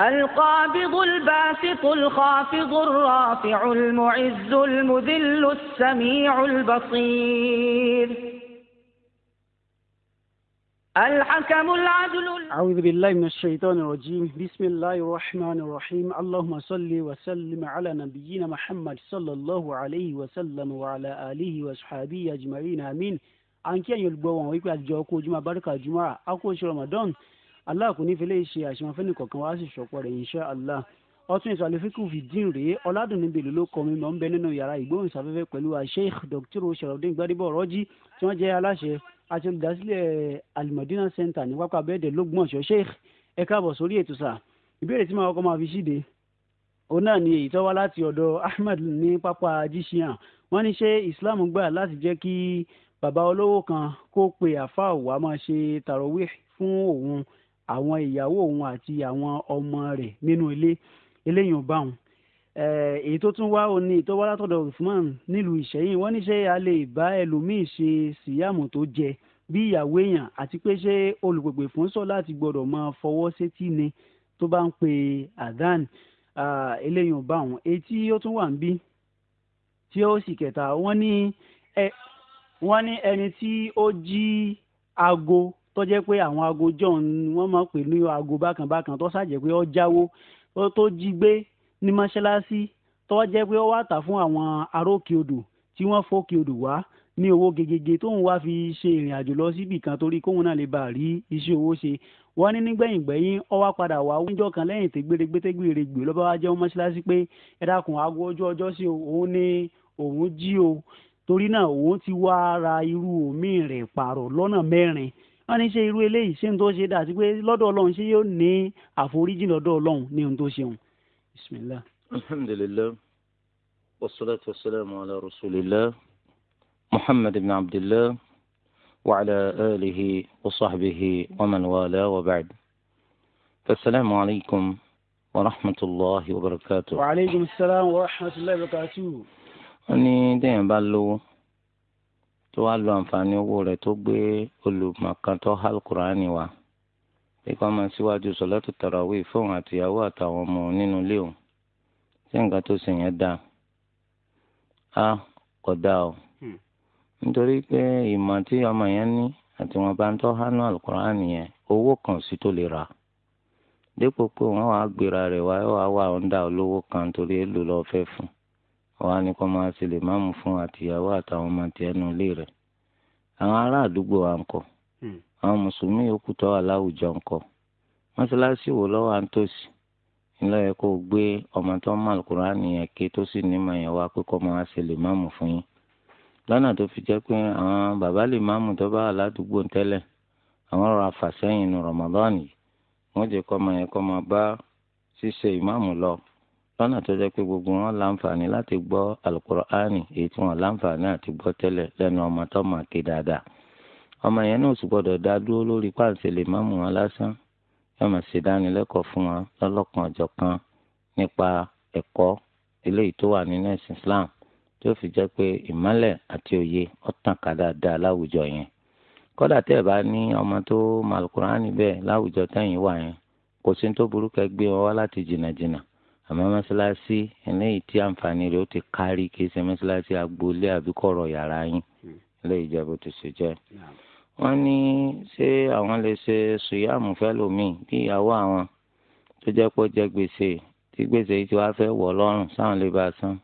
القابض الباسط الخافض الرافع المعز المذل السميع البصير الحكم العدل أعوذ بالله من الشيطان الرجيم بسم الله الرحمن الرحيم اللهم صل وسلم على نبينا محمد صلى الله عليه وسلم وعلى آله وصحبه أجمعين آمين أنكي ẹ̀yin olùgbọ́ wọn wípé بركة جمعة ojúmọ́ abárúkà رمضان allah kò ní fi léyìí ṣe àṣìwọ̀n fẹ́ni kọ̀ọ̀kan wá sì ṣọ̀pọ̀ rẹ̀ insha allah ọtún ìsàlẹ̀fíkù fìdín rèé ọ̀làdùnníbi ìlú ló kọ́ mi mọ̀ ń bẹ nínú yàrá ìgbóhùnsáfẹ́fẹ́ pẹ̀lú sheikh dr sharafdin gbadebo ọ̀rọ́jì tí wọ́n jẹ́ aláṣẹ àti olùdásílẹ̀ alimadina center ní pápá abẹ́ẹ̀dẹ̀ lọ́gbọ̀nsọ sheikh ẹ káàbọ̀ sórí ètò sà ìbéèrè tí màá kọ́ máa fi ṣíde òun náà ni èyí tó wá láti ọ̀dọ̀ ahmed ní pápá jíṣìyàn wọ́n ní ṣé islam gbà láti jẹ́ kí bàbá olówó kan kó pe àfáà wàá máa ṣe tàrọ̀wé fún òun àwọn ìyàwó òun àti àwọn ọmọ rẹ̀ nínú ilé eléyìí ò bá wọn èyí tó tún wá ó ní ìtọ́wá látọ̀dọ̀ Usman nílùú Ìṣẹ̀yìn wọ́n ní ṣé a lè bá ẹlòmíì ṣe síyàmù tó jẹ bí ìyàwó èèyàn àti pé ṣé olùpèpè fún sọ láti gbọ́dọ̀ máa fọwọ́ sétí ni tó bá ń pe adan eléyìí ò bá wọn èyí tí ó tún wà ń bí tí ó sì kẹta wọ́n ní ẹni tí ó jí aago tó jẹ́ pé àwọn aago john wọ́n máa pè ní aago bákan bákan tó ṣàjẹ́ pé ó jáwó tó jí gbé ní mọ́ṣáláṣí tó jẹ́ pé ó wà tà fún àwọn aróòkè odò tí wọ́n fòkè odò wá ní owó gegege tóun wá fi ṣe ìrìn àjò lọ síbì kan torí kóun náà lè bá rí iṣẹ́ owó ṣe wọ́n ní nígbẹ̀yìn gbẹ̀yìn ó wá padà wá wíńjọ́ kan lẹ́yìn tẹ́gbèrègbètẹ́gbèrè gbè lọ́ba wá jẹ́ mọ́ṣáláṣí pé ẹ dákun aago ojú ọjọ́ sí òun ní òun jí o torí náà òun ti wá ra irú omi rẹ̀ pààrọ̀ lọ́nà mẹ́rin wọ́n ní ṣe irú eléyìí ṣé n tó ṣe dà sí pé lọ́dọ̀ ọlọ́run ṣé yóò ní àforíjì lọ́dọ̀ ọlọ́run ní ohun tó ṣeun bisimilah. alhamdulilayi wasalaatu wasalaamu ala rasulillah muhammad ibn abdillah wa ala alihi wa sahbihi wa man wala wa ba'd. asalaamu alaykum wa rahmatulahi wa barakatuh. wa aleykum salaam wa rahmatulahi wa barakatuh. wọ́n ní dẹ́yìn bá lówó. tó wá lo àǹfààní owó rẹ̀ tó gbé alukur'ani wa ikú ọmọ síwájú sọlọ́tù tarawih fóun àtìyàwó àtàwọn ọmọ nínú ilé òun sí nǹkan tó sì yẹn dáa a kò dáa o hmm. nítorí pé ìmọ̀ tí ọmọ yẹn ní àti wọn bá ń tọ́ hánú alukur'ani yẹn owó kan sí tó lè rà dípò pé wọn wàá gbéra wá kan torí èlò fẹ́ wọn á ní kó máa ṣe lè máàmù fún àtìyàwó àtàwọn ọmọ tiẹ̀ nù ilé rẹ̀ àwọn ará àdúgbò wa ń kọ́ hmm. àwọn mùsùlùmí yòókù tó wà láwùjọ ń kọ́ mọ́ṣáláṣí wo lọ́wọ́ à ń tòsí ńlọ yẹ kó gbé ọmọ tó ń màlùkùrá nìyẹn ké tó sì ní mọ̀ yẹn wá pé kó máa ṣe lè máàmù fún yín lọ́nà tó fi jẹ́ pé àwọn bàbá lè máàmù tó bá wà ládùúgbò tẹ́lẹ̀ àwọn ọ̀rọ̀ àfàsẹ́yìn nu Ramadan wọ́n jẹ́ kó máa yẹ kó máa bá ṣíṣe ìmáàmù lọ lọ́nà tó jẹ́ pé gbogbo wọn láǹfààní láti gbọ́ alukur'ani èyí tí wọn láǹfààní àti gbọ́ tẹ́lẹ̀ lẹ́nu ọmọ tó máa ké dáadáa ọmọ yẹn náà sì gbọ́dọ̀ dá dúró lórí páàsì lè má mú wọn lásán yóò máa ṣe dánilẹ́kọ̀ọ́ fún wọn lọ́lọ́kan ọjọ́ kan nípa ẹ̀kọ́ eléyìí tó wà nínú ẹ̀sìn Islam tí ó fi jẹ́ pé ìmọ́lẹ̀ àti òye ó tàn ká dáadáa láwùjọ yẹn kódà tẹ́ ẹ̀ bá ní ọmọ tó mọ alukur'ani bẹ́ẹ̀ àmọ́ mọ́ṣáláṣí eléyìí tí àǹfààní rẹ̀ ó ti kárí kì í ṣe mọ́ṣáláṣí agboolé àbí kọ̀rọ̀ yàrá yín hmm. eléyìí jẹ́ bó ti ṣe jẹ́. wọ́n ní ṣé àwọn lè ṣe sùyàmù fẹ́lòmíì bí ìyàwó àwọn tó jẹ́ pé jẹ gbèsè tí gbèsè yìí ti wá fẹ́ wọ̀ lọ́rùn sáwọn lè bá a san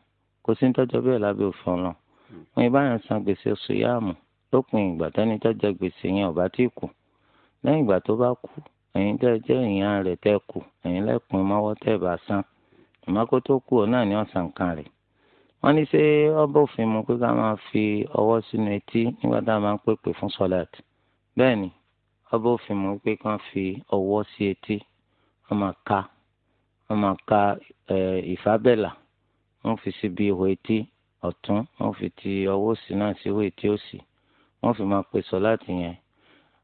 kò sí tọ́jọ́ bẹ́ẹ̀ lábẹ́ òfin ọ̀nà wọn ìbáyọ̀ san gbèsè sùyàmù lópin ìgbà tẹ́ni tó jẹ gbèsè yẹn ò bá tí ìmọ́kó tó kú ọ náà ni wọ́n san kan rẹ̀ wọ́n ní ṣé ọba òfin mu pé ká máa fi ọwọ́ sínú etí nígbà tá a máa ń pèpè fún sọ́láàt bẹ́ẹ̀ ni ọba òfin mu pé ká fi ọwọ́ sí etí wọ́n máa ka wọ́n máa ka ìfábẹ́là wọ́n fi sí bí ihò etí ọ̀tún wọ́n fi ti ọwọ́ sí náà sí ihò etí òsì wọ́n fi máa pè sọ́láàt yẹn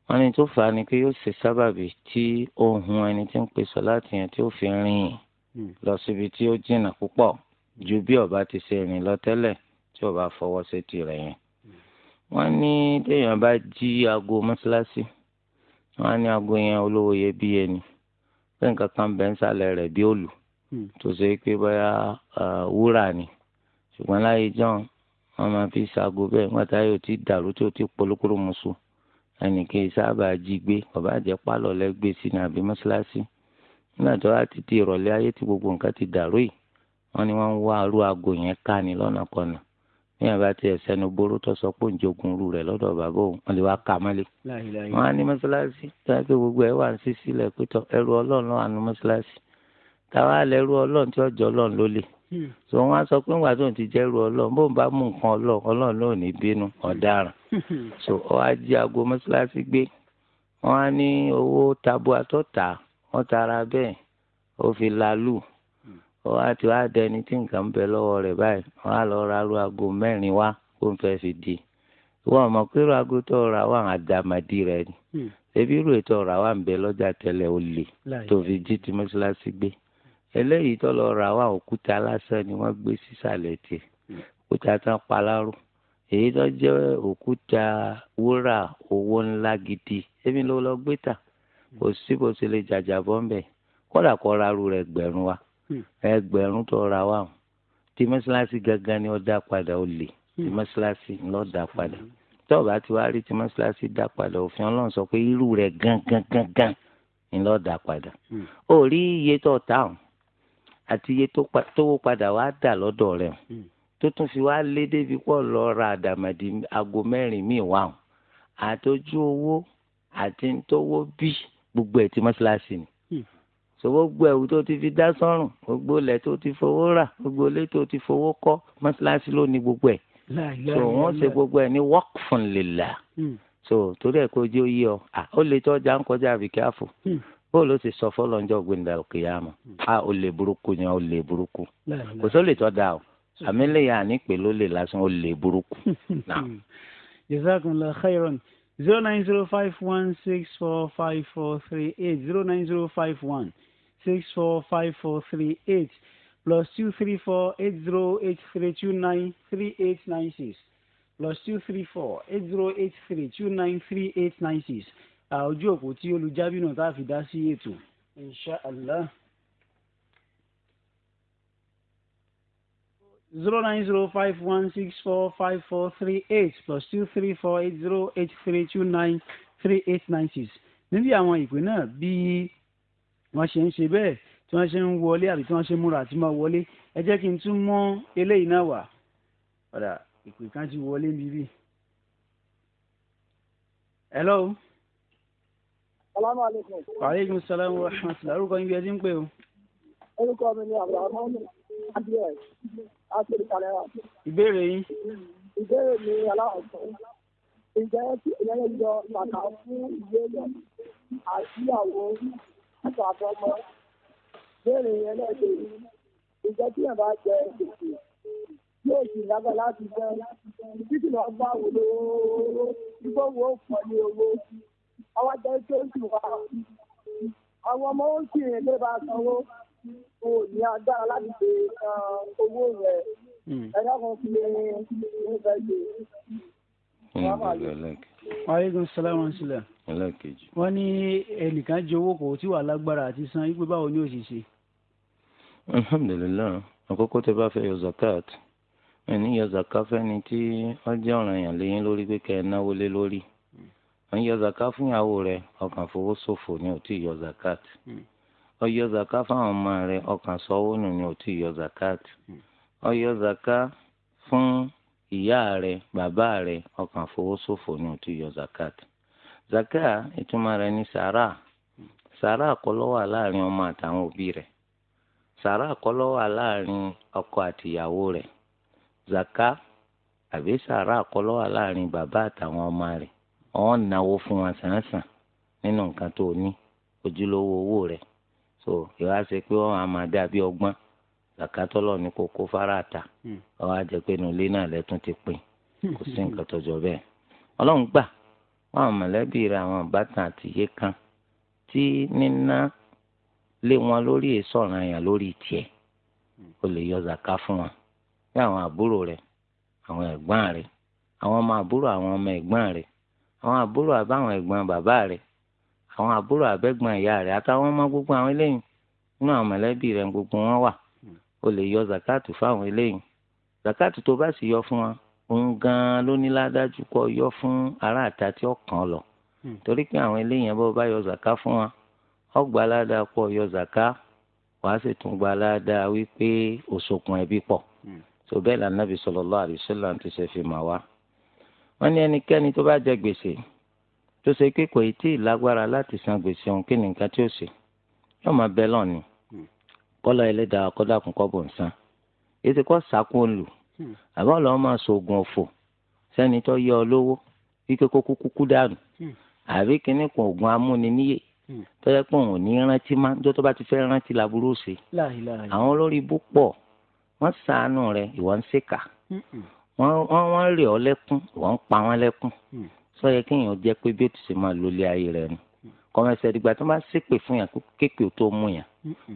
wọ́n ní tó fà á ni pé yóò ṣe sábàbí tí ohun ẹni tí ń pè sọ́láàt yẹn tí ó fi rìn yìí Hmm. lọ síbi tí ó jìnnà púpọ̀ ju bí ọba ti ṣe rìn lọ tẹ́lẹ̀ tí ọba fọwọ́ sí tirẹ̀ yẹn. Hmm. wọ́n ní téèyàn bá jí aago mọ́ṣáláṣí wọ́n á ní aago yẹn olówó iyebíye ni pé nǹkan kan bẹ́ẹ̀ ń sàlẹ̀ rẹ̀ bí òòlù hmm. tó ṣe pé bóyá wúrà ni ṣùgbọ́n láyé john wọ́n máa fi ṣaago bẹ́ẹ̀ wọ́n táyà ò tí dàrú tí ò tí polókóró musu ẹnì kejì sábà jí gbé ọba àjẹpálọ̀ lẹ́gbẹ̀ẹ́ sí ni àbí mọ́ṣáláṣí nígbà tó wá ti ìrọ̀lẹ́ ayé tí gbogbo nǹkan ti dàrú yìí wọ́n ní wọ́n ń wá arú aago yẹn ká ni lọ́nà kọ̀nà ní àbá tí ẹ̀sẹ̀ ni boró tó sọ pé òǹjogun rú rẹ̀ lọ́dọ̀ bàbá òun wọ́n lè wá kà mọ́lẹ̀. wọ́n á ní mọ́ṣáláṣí táwọn pé gbogbo ẹ̀ wà ń sí sílẹ̀ pétọ́ ẹrú ọlọ́run ló wà ní mọ́ṣáláṣí táwa lẹ́rú ọlọ́run tí ọjọ́ ọlọ́run ló lè. Hmm. sọ wọn á sọ pé ńgbà tó ń ti jẹ́rú ọlọ́run bóun bá mú nǹkan ọlọ́run ọlọ́run ló ní bínú wọ́n tara bẹ́ẹ̀ ó fi làálù hmm. ó wá ti wá dẹni tí nǹkan ń bẹ lọ́wọ́ rẹ̀ báyìí wọ́n á lọ ra aró aago mẹ́rin wá kó n fẹ́ fi di wọ́n mọ̀ pé irú aago tó ra wà àdàmàdì rẹ̀ ni hmm. ṣebí irú ètò ọ̀rọ̀ wà ń bẹ lọ́jà tẹ́lẹ̀ lè tó fi jí ti mọ́ṣáláṣí gbé eléyìí tó lọ ra wà òkúta lásán ni wọ́n gbé sísàlẹ̀ tiẹ̀ hmm. òkúta tán paláró èyí tó jẹ́ òkúta wúrà owó ńlá gidi èmi ló lọ gbé tà kò sí bó ṣe lè jàjà bọ́ ń bẹ̀ kódà kó ra aró rẹ̀ ẹgbẹ̀rún wa hmm. ẹgbẹ̀rún tó ra wa tí mọ́ṣáláṣí gangan ni ó dá padà ó lè tí hmm. mọ́ṣáláṣí ló dá padà hmm. tó bá ti wá rí tí mọ́ṣáláṣí dá padà òfin ọlọ́run sọ pé irú rẹ̀ gangan gangan ni ló dá padà ó rí iye tó ta ọ̀hún àti iye tó wó padà wá dà lọ́dọ̀ rẹ̀ ọ̀hún tó tún fi wá lé débi pọ̀ lọ ra àdàmàdì aago mẹ́rin míì wá àtọ́jú owó àti ntọ́wọ́ bíi gbogbo ẹ̀ ti mọ́ṣáláṣí ni hmm. so gbogbo ẹ̀wù tó ti fi dá sọ́rùn gbogbo ilẹ̀ tó ti fowó rà gbogbo ilé tó ti fowó kọ́ mọ́ṣáláṣí ló ní gbogbo ẹ̀ so wọ́n ṣe gbogbo ẹ̀ ní waqfun lillah hmm. so torí ẹ̀ kó jẹ́ oyé ọ ó lè tọ́jà ń kọjá àbíkẹ́ àfọ̀ bóòlù sì sọ fọlọ́njọ́ gbẹ̀ndà kìyàmù a ò lè burúkú ni ò lè burúkú kò só lè tọ́ da o hmm. àmì lè yà ní pẹ̀lú lè lásán ò lè burúkú. jazakumullahu khairan zero nine zero five one six four five four three eight zero nine zero five one six four five four three eight plus two three four eight zero eight three two nine three eight nine six plus two three four eight zero eight three two nine three eight nine six ojú òpó tí olùjábí náà tá a fi dá sí ètò insha allah. zero nine zero five one six four five four three eight plus two three four eight zero eight three two nine three eight nine six níbi àwọn ìpè náà bí wọ́n ṣe ń ṣe bẹ́ẹ̀ tí wọ́n ṣe ń wọlé àti tí wọ́n ṣe ń múra àti máa wọlé ẹ jẹ́ kí n tún mọ eléyìí náà wà padà ìpè kan ti wọlé níbí. hello. salaamaleykum. waaleykum salaam wa rahmatulah orúkọ yín bí ẹ ti ń pè o. orúkọ mi ni abdulhamid ìbéèrè yín. ìbéèrè mi aláwọ̀sán ǹjẹ́ tí ìyẹn yọ bàtà fún ìwé yọ àtìyàwó àti àtọmọ béèrè yẹn náà ṣe rí ǹjẹ́ tí yẹn bá jẹ gbèsè yóò sì lábẹ́ láti jẹ títí lọ bá wò lówó gbígbó wo pọ̀ ní owó àwọn jẹ́ tó ń tù wá àwọn ọmọ ó sì rìn lé bá sanwó kò ní agbára láti ṣe uh, owó rẹ̀ hmm. ẹ̀dá kan fi lè ní fẹ́ ṣe. Aleykum salaam wa rahmatulah. Wọ́n ní ẹnìkan jẹ owó kò tí wà lágbára àti san wípé báwo ni ó ṣe ṣe. Alhamdulilayi, àkókò tẹ bá fẹ́ yọ zakat ẹni yọ zaka fẹ́ni tí wọ́n jẹ́ ọ̀ranyàn lẹ́yìn lórí pé kẹ́ ẹ náwó lé lórí hmm. ẹni yọ zaka fún ìyàwó rẹ̀ ọkàn fowó ṣòfò ni ò tí ì yọ zakat. Mm ọyọ zaka fáwọn ọmọ rẹ ọkàn sọwọ nù ni ò tí yọ zakat ọyọ hmm. zaka fún ìyá rẹ bàbá rẹ ọkàn fowó ṣòfò ni ò tí yọ zakat zaka ìtumọ̀ rẹ̀ ní sàrà sàrà àkọlọ wà láàrin ọmọ àtàwọn òbí rẹ sàrà àkọlọ wà láàrin ọkọ àtìyàwó rẹ zaka àbí sàrà àkọlọ wà láàrin bàbá àtàwọn ọmọ rẹ ọ̀ náwó fún wa sàn sàn nínú nǹkan tó ní ojúlówó owó rẹ̀ so ìwà ṣe pé wọn á máa dàbí ọgbọ́n zakatọlọ ní kókó fáráàtà ọwọ hmm. àjẹ pé nulẹ náà lẹtún ti pin hmm. kò sí nǹkan tọjọ bẹ́ẹ̀ Ọlọ́run gbà wọn àwọn mọ̀lẹ́bí rẹ àwọn àbátan àti iye kan tí níná lé wọn lórí ìsọ̀ràn yẹn lórí tiẹ̀ o hmm. lè yọ zaka fún wọn bí àwọn àbúrò rẹ àwọn ẹ̀gbọ́n rẹ àwọn ọmọ àbúrò àwọn ọmọ ẹ̀gbọ́n rẹ àwọn àbúrò àbáwọn ẹ̀gbọ́n bàbá rẹ àwọn àbúrò àbẹ́gbọ̀n ìyá rẹ̀ àtàwọn ọmọ gbogbo àwọn eléyìí nínú àwọn mọ̀lẹ́bí rẹ̀ gbogbo wọn wà o lè yọ zakatu fáwọn eléyìí zakatu tó bá sì yọ fún wa òun gan-an ló ní ládájú kọ́ yọ fún ará àta tí ó kàn lọ hmm. torí pé àwọn eléyìí yẹn bó bá yọ zaka fún wa ọgbà aláda pọ̀ yọ zaka wàá sì tún gba aláda wípé òṣòkùn ẹbí pọ̀ tó hmm. bẹ́ẹ̀ lànà bí sallallahu alaihi ti ṣe fi mà wá. wọ́n ní ẹnikẹ́ni tó bá jẹ gbèsè tó ṣe pé kò tí ì lágbára láti san gbèsè òun kí ni nǹkan tí ó ṣe yóò máa bẹ lọ́ọ̀ni hmm. kọ́lọ́ ẹlẹ́dàá kọ́dàkùn kọ́ bò ń san ètò kọ́ sàkún lù hmm. àbá ọ̀lọ́ máa ṣoògùn ọ̀fọ̀ sẹ́ni tó yọ ọ lówó wípé kó kúkú kú dànù hmm. àbí kíní kan oògùn amúniníyè tó yẹ pé òun ò ní rántí má tó tó bá ti fẹ́ rántí laburú ṣe àwọn olórí ibú pọ̀ wọ́n sàánú rẹ̀ ìwọ ń ṣèkà wọ́n rè ọ lẹ́kún ìwọ ń pa wọ́n lẹ́kún sọ yẹ kéèyàn jẹ́ pé bí ó ti ṣe máa lólé ayé rẹ̀ ni kọ́mẹ́sẹ̀ dìgbà tó bá ṣépè fún yàn kéèpè tó mú yàn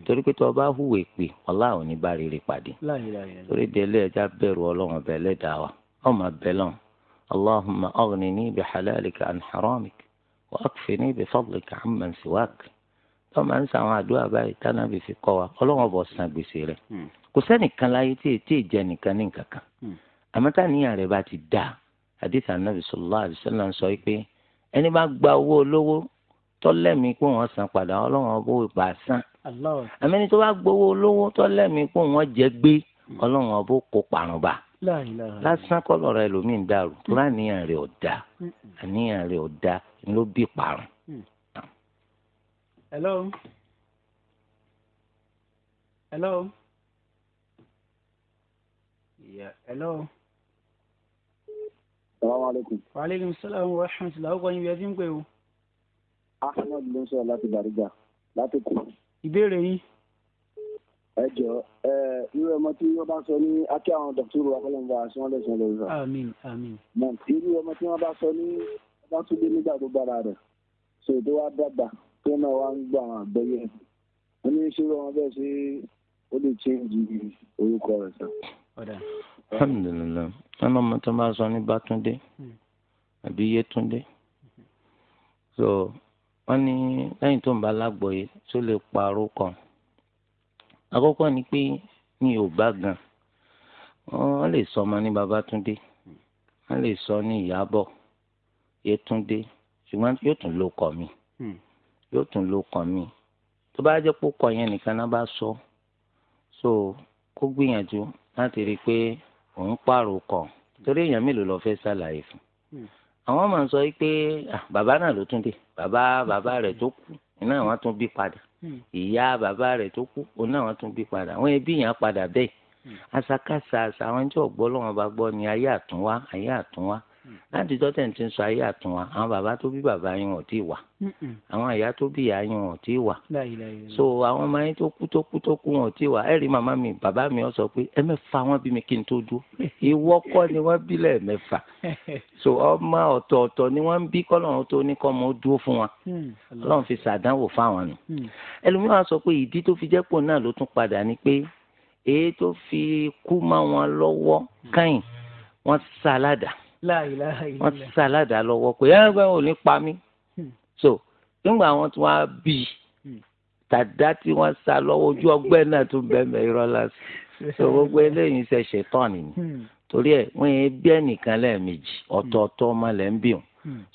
torí pé tó o bá hùwà èpè ọ̀la ò ní bá rere pàdé torí délé ẹja bẹ̀rù ọlọ́run ọbẹ̀ lẹ́dàá wa ọmọ bẹ́lọ̀n allahumma aghnini bi halalika an haramik wa akfini bi fadlika amman siwak tó máa ń sàwọn àdúrà báyìí tánà bí fi kọ́ wa ọlọ́run ọbọ̀ san gbèsè rẹ̀ mm. kò sẹ́nìkan láyé tí ètí nìkan ní nǹkan mm. àmọ́ àdìsí anabi sallallahu alaihi wasallam sọ pé ẹni bá gba owó olówó tọ́lẹ́mí pé wọ́n san padà ọlọ́run ọbọ̀ ìgbà san àmẹ́ni tó bá gbowó olówó tọ́lẹ́mí pé wọ́n jẹ gbé hmm. ọlọ́run ọbọ̀ kó parun bá lásán kọlọ rẹ lómi ń dàrú hmm. tó láníyàn rẹ ò da hmm. rẹ ò ló bí parun. hello hello yeah hello salaamaleykum. waaleykum salaam wa rahmatulah ọkọ yín bí ẹ ti ń pè o. ahmed ló ń sọ̀rọ̀ láti Bariga láti kù. ìbéèrè yín. ẹ jọ ẹ irú ọmọ tí wọn bá sọ ní akí àwọn dọkítọrù akọlọmọba àti wọn lẹsùn lórí rẹ. àmín àmín. mọ irú ọmọ tí wọn bá sọ ní wọn tún dé nígbà tó gbára rẹ ṣòdó wa dàgbà tó náà wá ń gbọ́ àwọn àgbẹyẹ wọn ní ṣé wọn bẹ ṣe ó lè ṣe orúkọ rẹ sàn alhamdulilayi ẹnu ọmọ tó máa sọ ní bátúndé hmm. àbí yétúndé hmm. so wọn ní lẹ́yìn tó ń bá lágbóye tó lè parọ́ kan àkọ́kọ́ ni pé ní yorùbá gan wọn lè sọ ọmọ ní babátúndé hmm. wọn lè sọ ní ìyábọ̀ yétúndé ṣùgbọ́n yóò tún lo kọ mi yóò tún lo kọ mi tó bá jẹ́ pé kọ yẹn nìkan náà bá sọ so kó gbìyànjú láti rí i pé òun pààrọ̀ kọ̀ hmm. torí èèyàn mélòó lọ fẹ́ ṣàlàyé fún hmm. àwọn máa ń sọ pé ah, bàbá náà ló tún dé bàbá bàbá rẹ̀ tó kú iná àwọn tún bí padà hmm. ìyá bàbá rẹ̀ tó kú òun náà àwọn tún bí padà àwọn ẹbí yẹn padà bẹ́ẹ̀ àṣàkáṣà àṣà àwọn ẹjọ́ ọ̀gbọ́ lọ́wọ́n bá gbọ́ ni ayé àtúnwá ayé àtúnwá Hmm. láti tọ́tẹ̀ ti ń sọ ayé àtún wa àwọn bàbá tó bí bàbá yín wọn ti wà hmm, hmm. àwọn ìyá tó bí ìyá yín wọn ti wà so àwọn ọmọ yín tó kú tó kú tó kú wọn ti wà ẹ rí màmá mi bàbá mi ọ sọ pé ẹ mẹ́fà wọn bí mi kí n tó dúró ìwọ kọ́ ni wọ́n bí lẹ́ẹ̀mẹ́fà so ọmọ ọ̀tọ̀ọ̀tọ̀ ni wọ́n ń bí kọ́lọ́run tó ní kọ́ mọ́ dúró fún wa kọ́lọ́run fi ṣàdánwò fáwọn nù ẹlòmíràn sọ pé ìdí tó fi jẹ́pọ̀ wọ́n sá aládàá wọ́n ti sàládàá lọ́wọ́ pé ẹ gbẹ́ ò ní pa mí hmm. so nígbà wọn tún wá bí hmm. tàdá tí wọ́n sá lọ́wọ́ ojú ọgbẹ́ náà tún bẹ̀rẹ̀ irọ́ lásán so gbogbo eléyìí ṣe ṣètàn nìyí hmm. torí ẹ wọ́n yẹn bí ẹnìkan lẹ́ẹ̀mejì ọ̀tọ̀ọ̀tọ̀ ọmọ lẹ́ ń bí wọn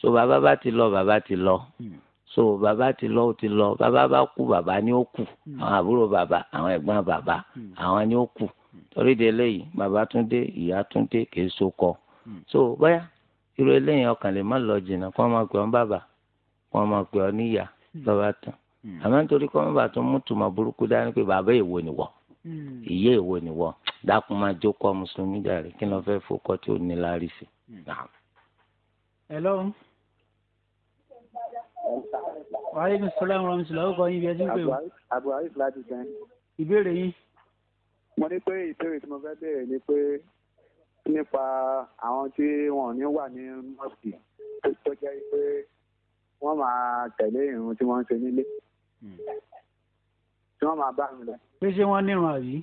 so bàbá bá ti lọ bàbá ti lọ so bàbá ti lọ ó ti lọ bàbá bá kú bàbá ni ó kù àwọn àbúrò bàbá àwọn ẹ̀gbọ́n bàbá àwọn ni ó kù torí de eléyìí bàbá tún dé ìyá tún dé kì í so kọ. Hmm. so bóyá irú eléyìí ọkàn lè má lọ jìnnà kó máa pè ọ́ bàbà kó máa pè ọ́ níyà hmm. lọ́ba tán hmm. àmọ́ nítorí kó máa tún mú tùmọ̀ burúkú dání pé bàbá èwo nìwọ ìyá èwo nìwọ dákun máa jókòó mùsùlùmí jàre kí ni wọ́n fẹ́ fọkọ tí ò ní lárí sí. hello. wàhálà ìsọláàmù rọmísìlá ó kọ yín bí ẹ ti ń pè ó. àbúrò àyè fúlàjì gan. ìbéèrè yín. mo ní pé ìbéèrè tí mo fẹ́ béèrè ni pé nípa àwọn tí wọn ò ní wà ní mọ́ọ̀sì tó jẹ́ pé wọ́n máa tẹ̀lé irun tí wọ́n ń ṣe nílé hmm. tí wọ́n máa bá mi lọ. pé ṣé wọ́n nírun àbí.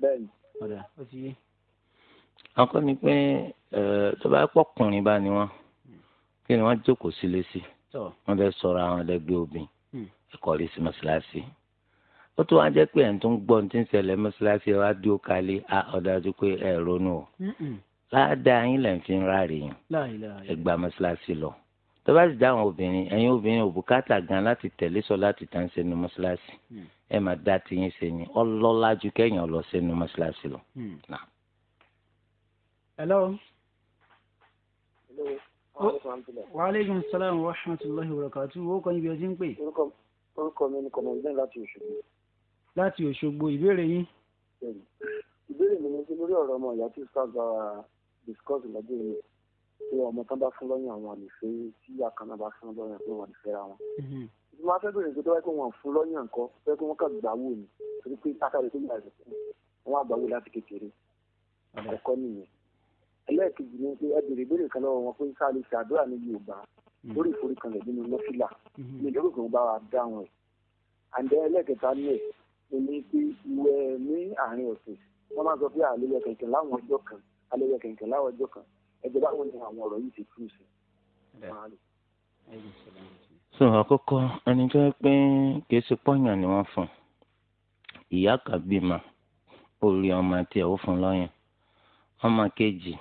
bẹ́ẹ̀ni. ọ̀dà ó ti yé. akọ́ ni pé tó bá pọ̀kùnrin bá ni wọ́n kí ni wọ́n jókòó sílé sí wọ́n fẹ́ sọ̀rọ̀ àwọn ẹlẹgbẹ́ obìnrin hmm. ẹ̀kọ́ rí sí mọ́ṣáláṣí ó tún wá jẹ́ pé ẹ̀ ń tún gbọ́ ní ti ń ṣẹlẹ̀ mọ́ṣáláṣí ẹ̀ wá dúró kalẹ̀ á ọ̀dájú pé ẹ̀ ronú o ládàá yín lẹ̀ ń fi ra rè yín ẹ̀ gba mọ́ṣáláṣí lọ tó bá sì dá àwọn obìnrin ẹ̀yin obìnrin òbúkátà gan láti tẹ̀lé sọ láti tàn sínú mọ́ṣáláṣí mm. ẹ̀ máa dá tiyín ṣe yín ọlọ́lá ju kẹ́yìn ọlọ́ sínú mọ́ṣáláṣí lọ. Mm. hello. wa aleykum salaam wa rahmatulahi wa barakatuh wo kàn ibi ọtí ń pè. orúkọ mi ni kọ̀mọ̀gbẹ́n láti Òṣogbo láti Òṣogbo ìbéèrè yín. ìbéèrè mi ni pé lórí ọ̀rọ̀ ọmọ ìyá tí sábà uh, discuss lọ́jọ́ yìí pé ọmọ tán bá fún lọ́yàn àwọn àlèfẹ́ tí àkànnà bá fún lọ́yàn pé wọ́n àlèfẹ́ ra wọn. ìdí mhm. máa fẹ́ bèrè pé tó bá yẹ kó wọn fún lọ́yàn nǹkan fẹ́ kó wọ́n kà gbà wò ní torí pé látàrí tó gbà wọn àgbà wò láti kékeré àkọ́kọ́ nìyẹn. ẹlẹ́ẹ̀kejì ni pé ẹ bèrè ìbéèrè kan lọ́wọ́ wọn pé sáà lè ṣe àdúrà ní Yorùbá mhm. lórí ìforíkanlẹ̀ nínú lọ́fílà ní ìdókòwò bá wa dáhùn ẹ̀ àǹdẹ́ ẹlẹ́ẹ̀kẹta ní ẹ̀ èmi ti wẹ ní àárín ọ̀sẹ̀ wọ́n máa sọ pé àlejò kẹ̀kẹ́ láwọn ọjọ́ kan àlejò kẹ̀kẹ́ láwọn ọjọ́ kan ẹjọ́ báwo ni àwọn ọ̀rọ̀ yìí ti tú sí. so àkọ́kọ́ ẹni tó yẹ pé kì ṣe pọ́yàn ni wọ́n fún ìyá kàbímà ó ọmọ àti ẹ̀ fún lọ́yàn ọmọ kejì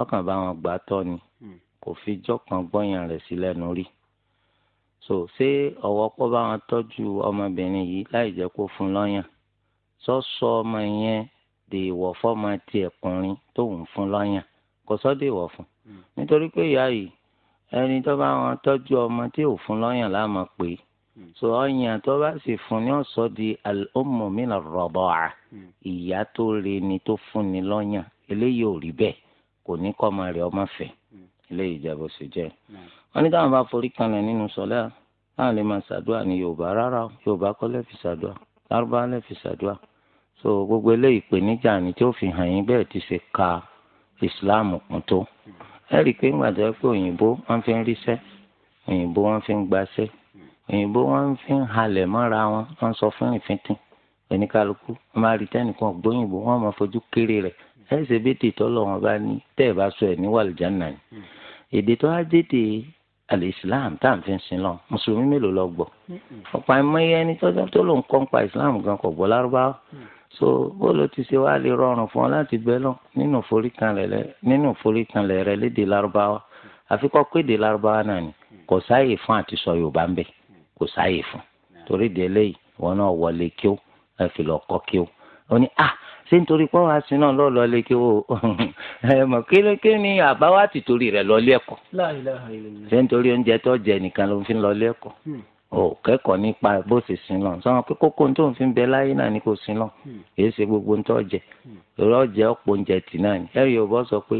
ọkàn bá wọn gbà tọ́ ni hmm. kò fi jọ́ kan gbọ́yàn sí lẹ́nu rí so ṣé ọ̀wọ́ pọ́ bá wọn tọ́jú ọmọbìnrin yìí láì jẹ́ kó fún lọ́yàn sọ́sọ ọmọ yẹn dèèwọ̀ fọ́mọ ti ẹ̀kùnrin tó ń fún lọ́yàn kò sọ́ dèèwọ̀ fún hmm. nítorí pé ìyá yìí ẹni tó bá wọn tọ́jú ọmọ tí ò fún lọ́yàn láàmú pé hmm. so ọyàn tó bá sì fún ni ó sọ di al-ummu min ar-radaa hmm. ìyá tó re ni tó fún ni lọ́yàn eléyìí ò rí bẹ́ẹ̀ kò ní kọ́ ọmọ rẹ̀ ọmọ fẹ́ eléyìí jẹ́ bó ṣe jẹ́ wọ́n ní táwọn bá forí kanlẹ̀ nínú sọ̀lá táwọn lè máa ṣàdúrà ní yorùbá rárá yorùbá kọ́ lẹ́ ṣàdúrà lárúbá lẹ́ ṣàdúrà so gbogbo eléyìí ìpèníjà ni tí ó fi hàn yín bẹ́ẹ̀ ti ṣe ka islam kún tó ẹ rí i pé ńgbà tó yẹ pé òyìnbó wọ́n fi ń ríṣẹ́ òyìnbó wọ́n fi ń gbaṣẹ́ òyìnbó wọ́n fi ń halẹ̀ mọ́ra wọn wọ́n sọ fún ìfíntín oníkálukú wọ́n máa rí tẹnìkan gbóyìnbó wọ́n máa fojú kéré rẹ̀ ẹ bí tètè Ọlọ́run bá ní tẹ bá sọ ẹ ní wàlìjánà ni èdè tó á dé tèè islam tá à ń fi sin lọ mùsùlùmí mélòó lọ gbọ́ ọ̀pọ̀ àìmọye ẹni tó ló ń kọ́ ń pa ìsìlám gan kò gbọ́ lárúbáwá mm. so bó ló ti ṣe wá lè rọrùn fún ọ láti bẹ lọ nínú ìforíkanlẹ̀ rẹ lédè lárúbáwá àfikọ́ pédè lárúbáwá náà ni mm. kò sáàyè fún àti sọ yorùbá ń bẹ mm. kò sáàyè fún torí délé yìí wọn náà wọlé kí ó ẹ fi lọ kọ́ kí ó ní ah ṣé nítorí pé wàá sin náà lọ́ọ́ lọ́ọ́ lé kí o mọ̀ kélékè ni àbáwá ti torí rẹ̀ lọ́ọ́ lé ẹ̀kọ́ ṣé nítorí oúnjẹ tó jẹ nìkan ló ń fi lọ́ọ́ lé ẹ̀kọ́ ò kẹ́kọ̀ọ́ nípa bó ṣe sin lọ sọ pé kókó tó ń fi bẹ láyé náà ni kò sin lọ èyí hmm. ṣe gbogbo tó jẹ lọ́ọ́ hmm. jẹ ọ̀pọ̀ oúnjẹ tì náà ni ẹ̀rí ò bọ́ sọ pé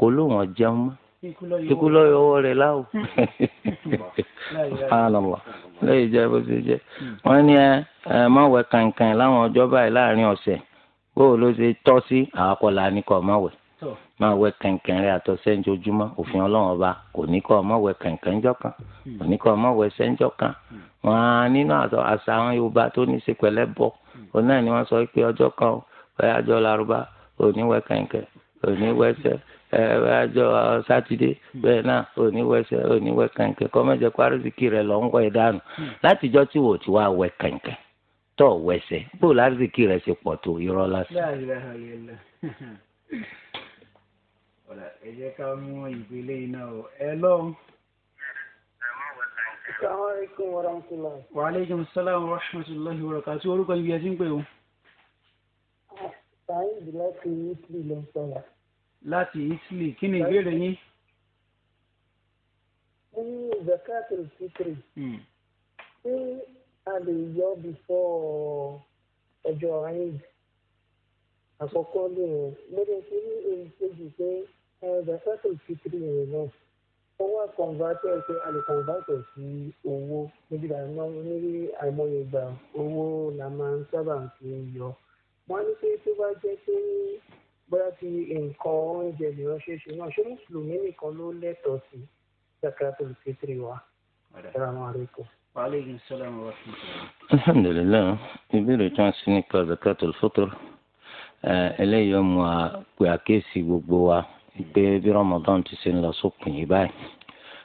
kò lóun ọ̀jẹun mọ́ ikú lọ́yọ̀ ọwọ́ rẹ̀ láwù hmm. wọ́n ní ẹ má kankan láwọn ọjọ́ báyìí láàrin ọ̀sẹ̀ bóò ló ṣe tọ́ sí àwọn akọ́là ní kọ́ ọmọ wẹ̀ máa wẹ kẹ̀kẹ́ rẹ àtọ̀ sẹ́ńjojúmọ́ òfin ọlọ́run ọba kò ní kọ́ ọmọ wẹ kẹ̀kẹ́ ńjọ́ hmm. kò ní kọ́ ọmọ wẹ sẹ́ńjọ́ hmm. wọn á nínú àṣà àwọn yorùbá tó ní ṣe pẹ̀lẹ́ bọ̀ hmm. òun náà ni wọ́n sọ pé ọjọ́ kan ọjọ́ larubá òní wẹ kẹ̀kẹ́ òní wẹ sẹ́ ẹjọ́ sátidé bẹ́ẹ̀ náà òní wẹ sẹ́ òní wẹ kẹ̀kẹ́ kọ́ mẹ́jẹ kó arísìkì rẹ lọ́ ń wẹ̀ dànù tọ̀ wẹsẹ̀ bó lárísìkì rẹ̀ ṣe pọ̀ tó irọ́ lásán. ẹ jẹ́ ká mú ìpele iná o ẹ lọ́hùn. salaamaleykum wa rahmatulah. wa aleykum salaam wa rahmatulah wa barakatuh orúkọ ibi ẹtí ń o. sáyẹ́ǹdì láti Italy ló ń sọ̀rọ̀. láti Italy kí ni ìbéèrè yín. ní zakatul fitri. Hmm a lè yọ before ọjọ́ eid àkọ́kọ́ nìyẹn lórí ti ní èyí kejì pé ẹ̀rọ fẹ́tò fitiri yẹn náà owó àkànvátẹ̀ pé a lè kànvátẹ̀ sí owó níbi àìmọye ìgbà owó la máa ń sábà fi yọ wọ́n ní pé tó bá jẹ́ pé bóyá ti nǹkan oúnjẹ mìíràn ṣe ṣe náà ṣé mùsùlùmí nìkan ló lẹ́tọ̀ọ́ sí zakaratul fitiri wa. Assalamu alaikum aleykum salaam wa rahmatulah. alhamdulilayi ìbéèrè tí wọn ṣe nípa zakatul fitr eléyìí ọmọ àpè àkéésì gbogbo wa pé bí ramadan ti ṣe ń lọ sópin yìí báyìí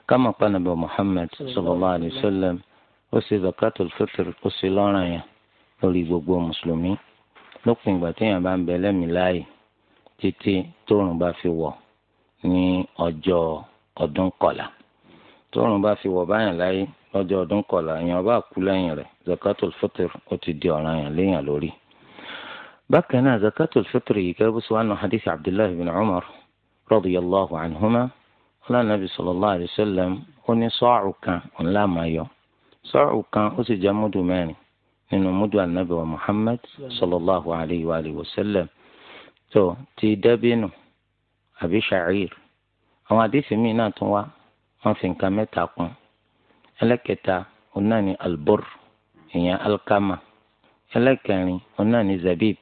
kámọ pànàbẹ muhammed sallallahu alayhi wa sallam ó ṣe zakatul fitr ó ṣe lọ́ràn yẹn lórí gbogbo mùsùlùmí lópin ìgbà téèyàn bá ń bẹ lẹ́mìí láàyè títí tóòrùn bá fi wọ̀ ní ọjọ́ ọdún kọlà tóòrùn bá fi wọ̀ báyàn láyé lọ́jọ́ ọdún kọ̀ọ̀la èèyàn bá kú lẹ́yìn rẹ̀ zakatul fitr ó ti di ọ̀ràn yàn léèyàn lórí. bákan náà zakatul fitr yìí kẹ́ bó sọ wà nù hadith abdullahi bin umar radiyallahu anhuma ọlọ́nàbí sallallahu alayhi wa sallam ó ní sọ́ọ̀rù kan ńlá máa yọ sọ́ọ̀rù kan ó sì jẹ́ múdù mẹ́rin nínú múdù anabi wa muhammad sallallahu alayhi wa alihi wa sallam tó ti dẹ́bínú àbí sha'ir àwọn àdìsí míì náà tún wá wọ́n fi nǹkan mẹ́ta kún ẹlẹ́kẹta òun náà ni albor ìyẹn alkama ẹlẹ́kẹrin òun náà ni zabib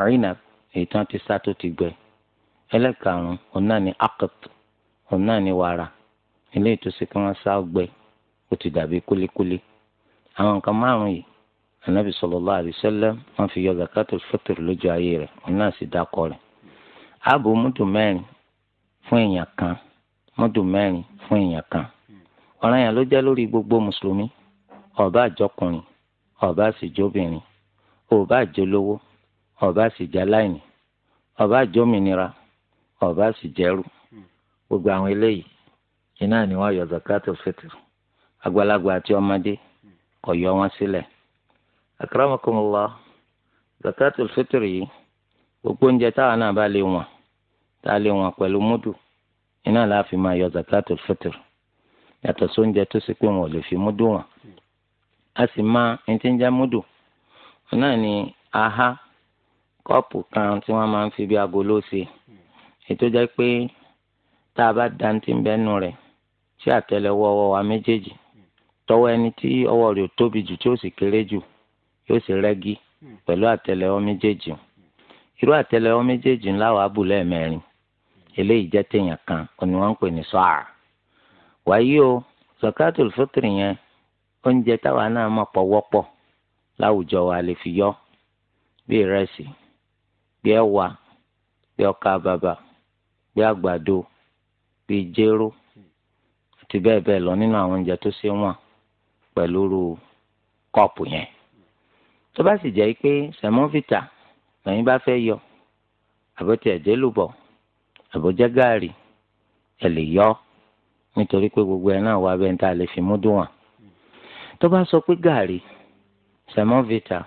arina èyí tí wọ́n ti sá tó ti gbẹ ẹlẹ́karùn òun náà ni akut òun náà ni wàrà ilé ìtòsí kí wọ́n sá gbẹ ó ti dàbí kúlíkúlí àwọn nǹkan márùn yìí anabi sallallahu alaihi wasallam wọ́n fi yọ zakatul fitr lójú ayé rẹ̀ òun náà sì dákọ rẹ̀ ààbò mútu mẹ́rin fún èèyàn kan mọ́tò mẹ́rin fún èèyàn kan ọ̀ràn yẹn ló jẹ́ lórí gbogbo mùsùlùmí ọ̀bá àjọkùnrin ọ̀bá àṣìjọbìnrin ọ̀bá àjọlówó ọ̀bá àṣìjáláìní ọ̀bá àjọmìnira ọ̀bá àṣìjẹ́rù gbogbo àwọn eléyìí iná ni wọ́n yọ zakato fitr agbalagba àti ọmọdé kò yọ wọn akaramakom akramakumullah zakato fitr yìí gbogbo oúnjẹ táwọn náà bá lè wọn tá lè wọn pẹ̀lú múdù iná la fi máa yọ zakatul fitr yàtọ̀ sóúnjẹ tó sì pé wọn ò lè fi múdù wọn a sì máa ń tí ń já múdù náà ni aha kọ́ọ̀pù kan tí wọ́n máa ń fi bí agolo ṣe ètò jẹ́ pé tá a bá da ní ti ń bẹ́nu rẹ̀ tí àtẹ́lẹwọ́ ọwọ́ wa méjèèjì tọwọ́ ẹni tí ọwọ́ rẹ̀ tóbi jù tí ó sì kéré jù yóò sì rẹ́gí pẹ̀lú àtẹ́lẹwọ́ méjèèjì irú àtẹ́lẹwọ́ méjèèjì ńlá wàá bù lẹ́ẹ̀mẹ́rin eléyìí jẹ́ téèyàn kan ni wọ́n ń pè ní sọ́à wáyé o zakatul fitri yẹn oúnjẹ táwa náà mọ̀ pọ̀ wọ́pọ̀ láwùjọ wa lè fi yọ bí ìrẹsì bí ẹ̀wà bí ọkà bàbà bí àgbàdo bí jéró àti bẹ́ẹ̀ bẹ́ẹ̀ lọ nínú àwọn oúnjẹ tó ṣe wọ́n pẹ̀lú kọ́ọ̀pù yẹn tó bá sì jẹ́ pé sẹ̀mọ́vìtà lẹ́yìn bá fẹ́ yọ àbẹ̀tẹ̀ ẹ̀dẹ́lùbọ̀ àbọ̀jẹ́ gààrí ẹ lè yọ nítorí pé gbogbo ẹ náà wà bẹ́ẹ̀ tá a lè fi múdùn wọn. tó bá sọ pé gààrí semovita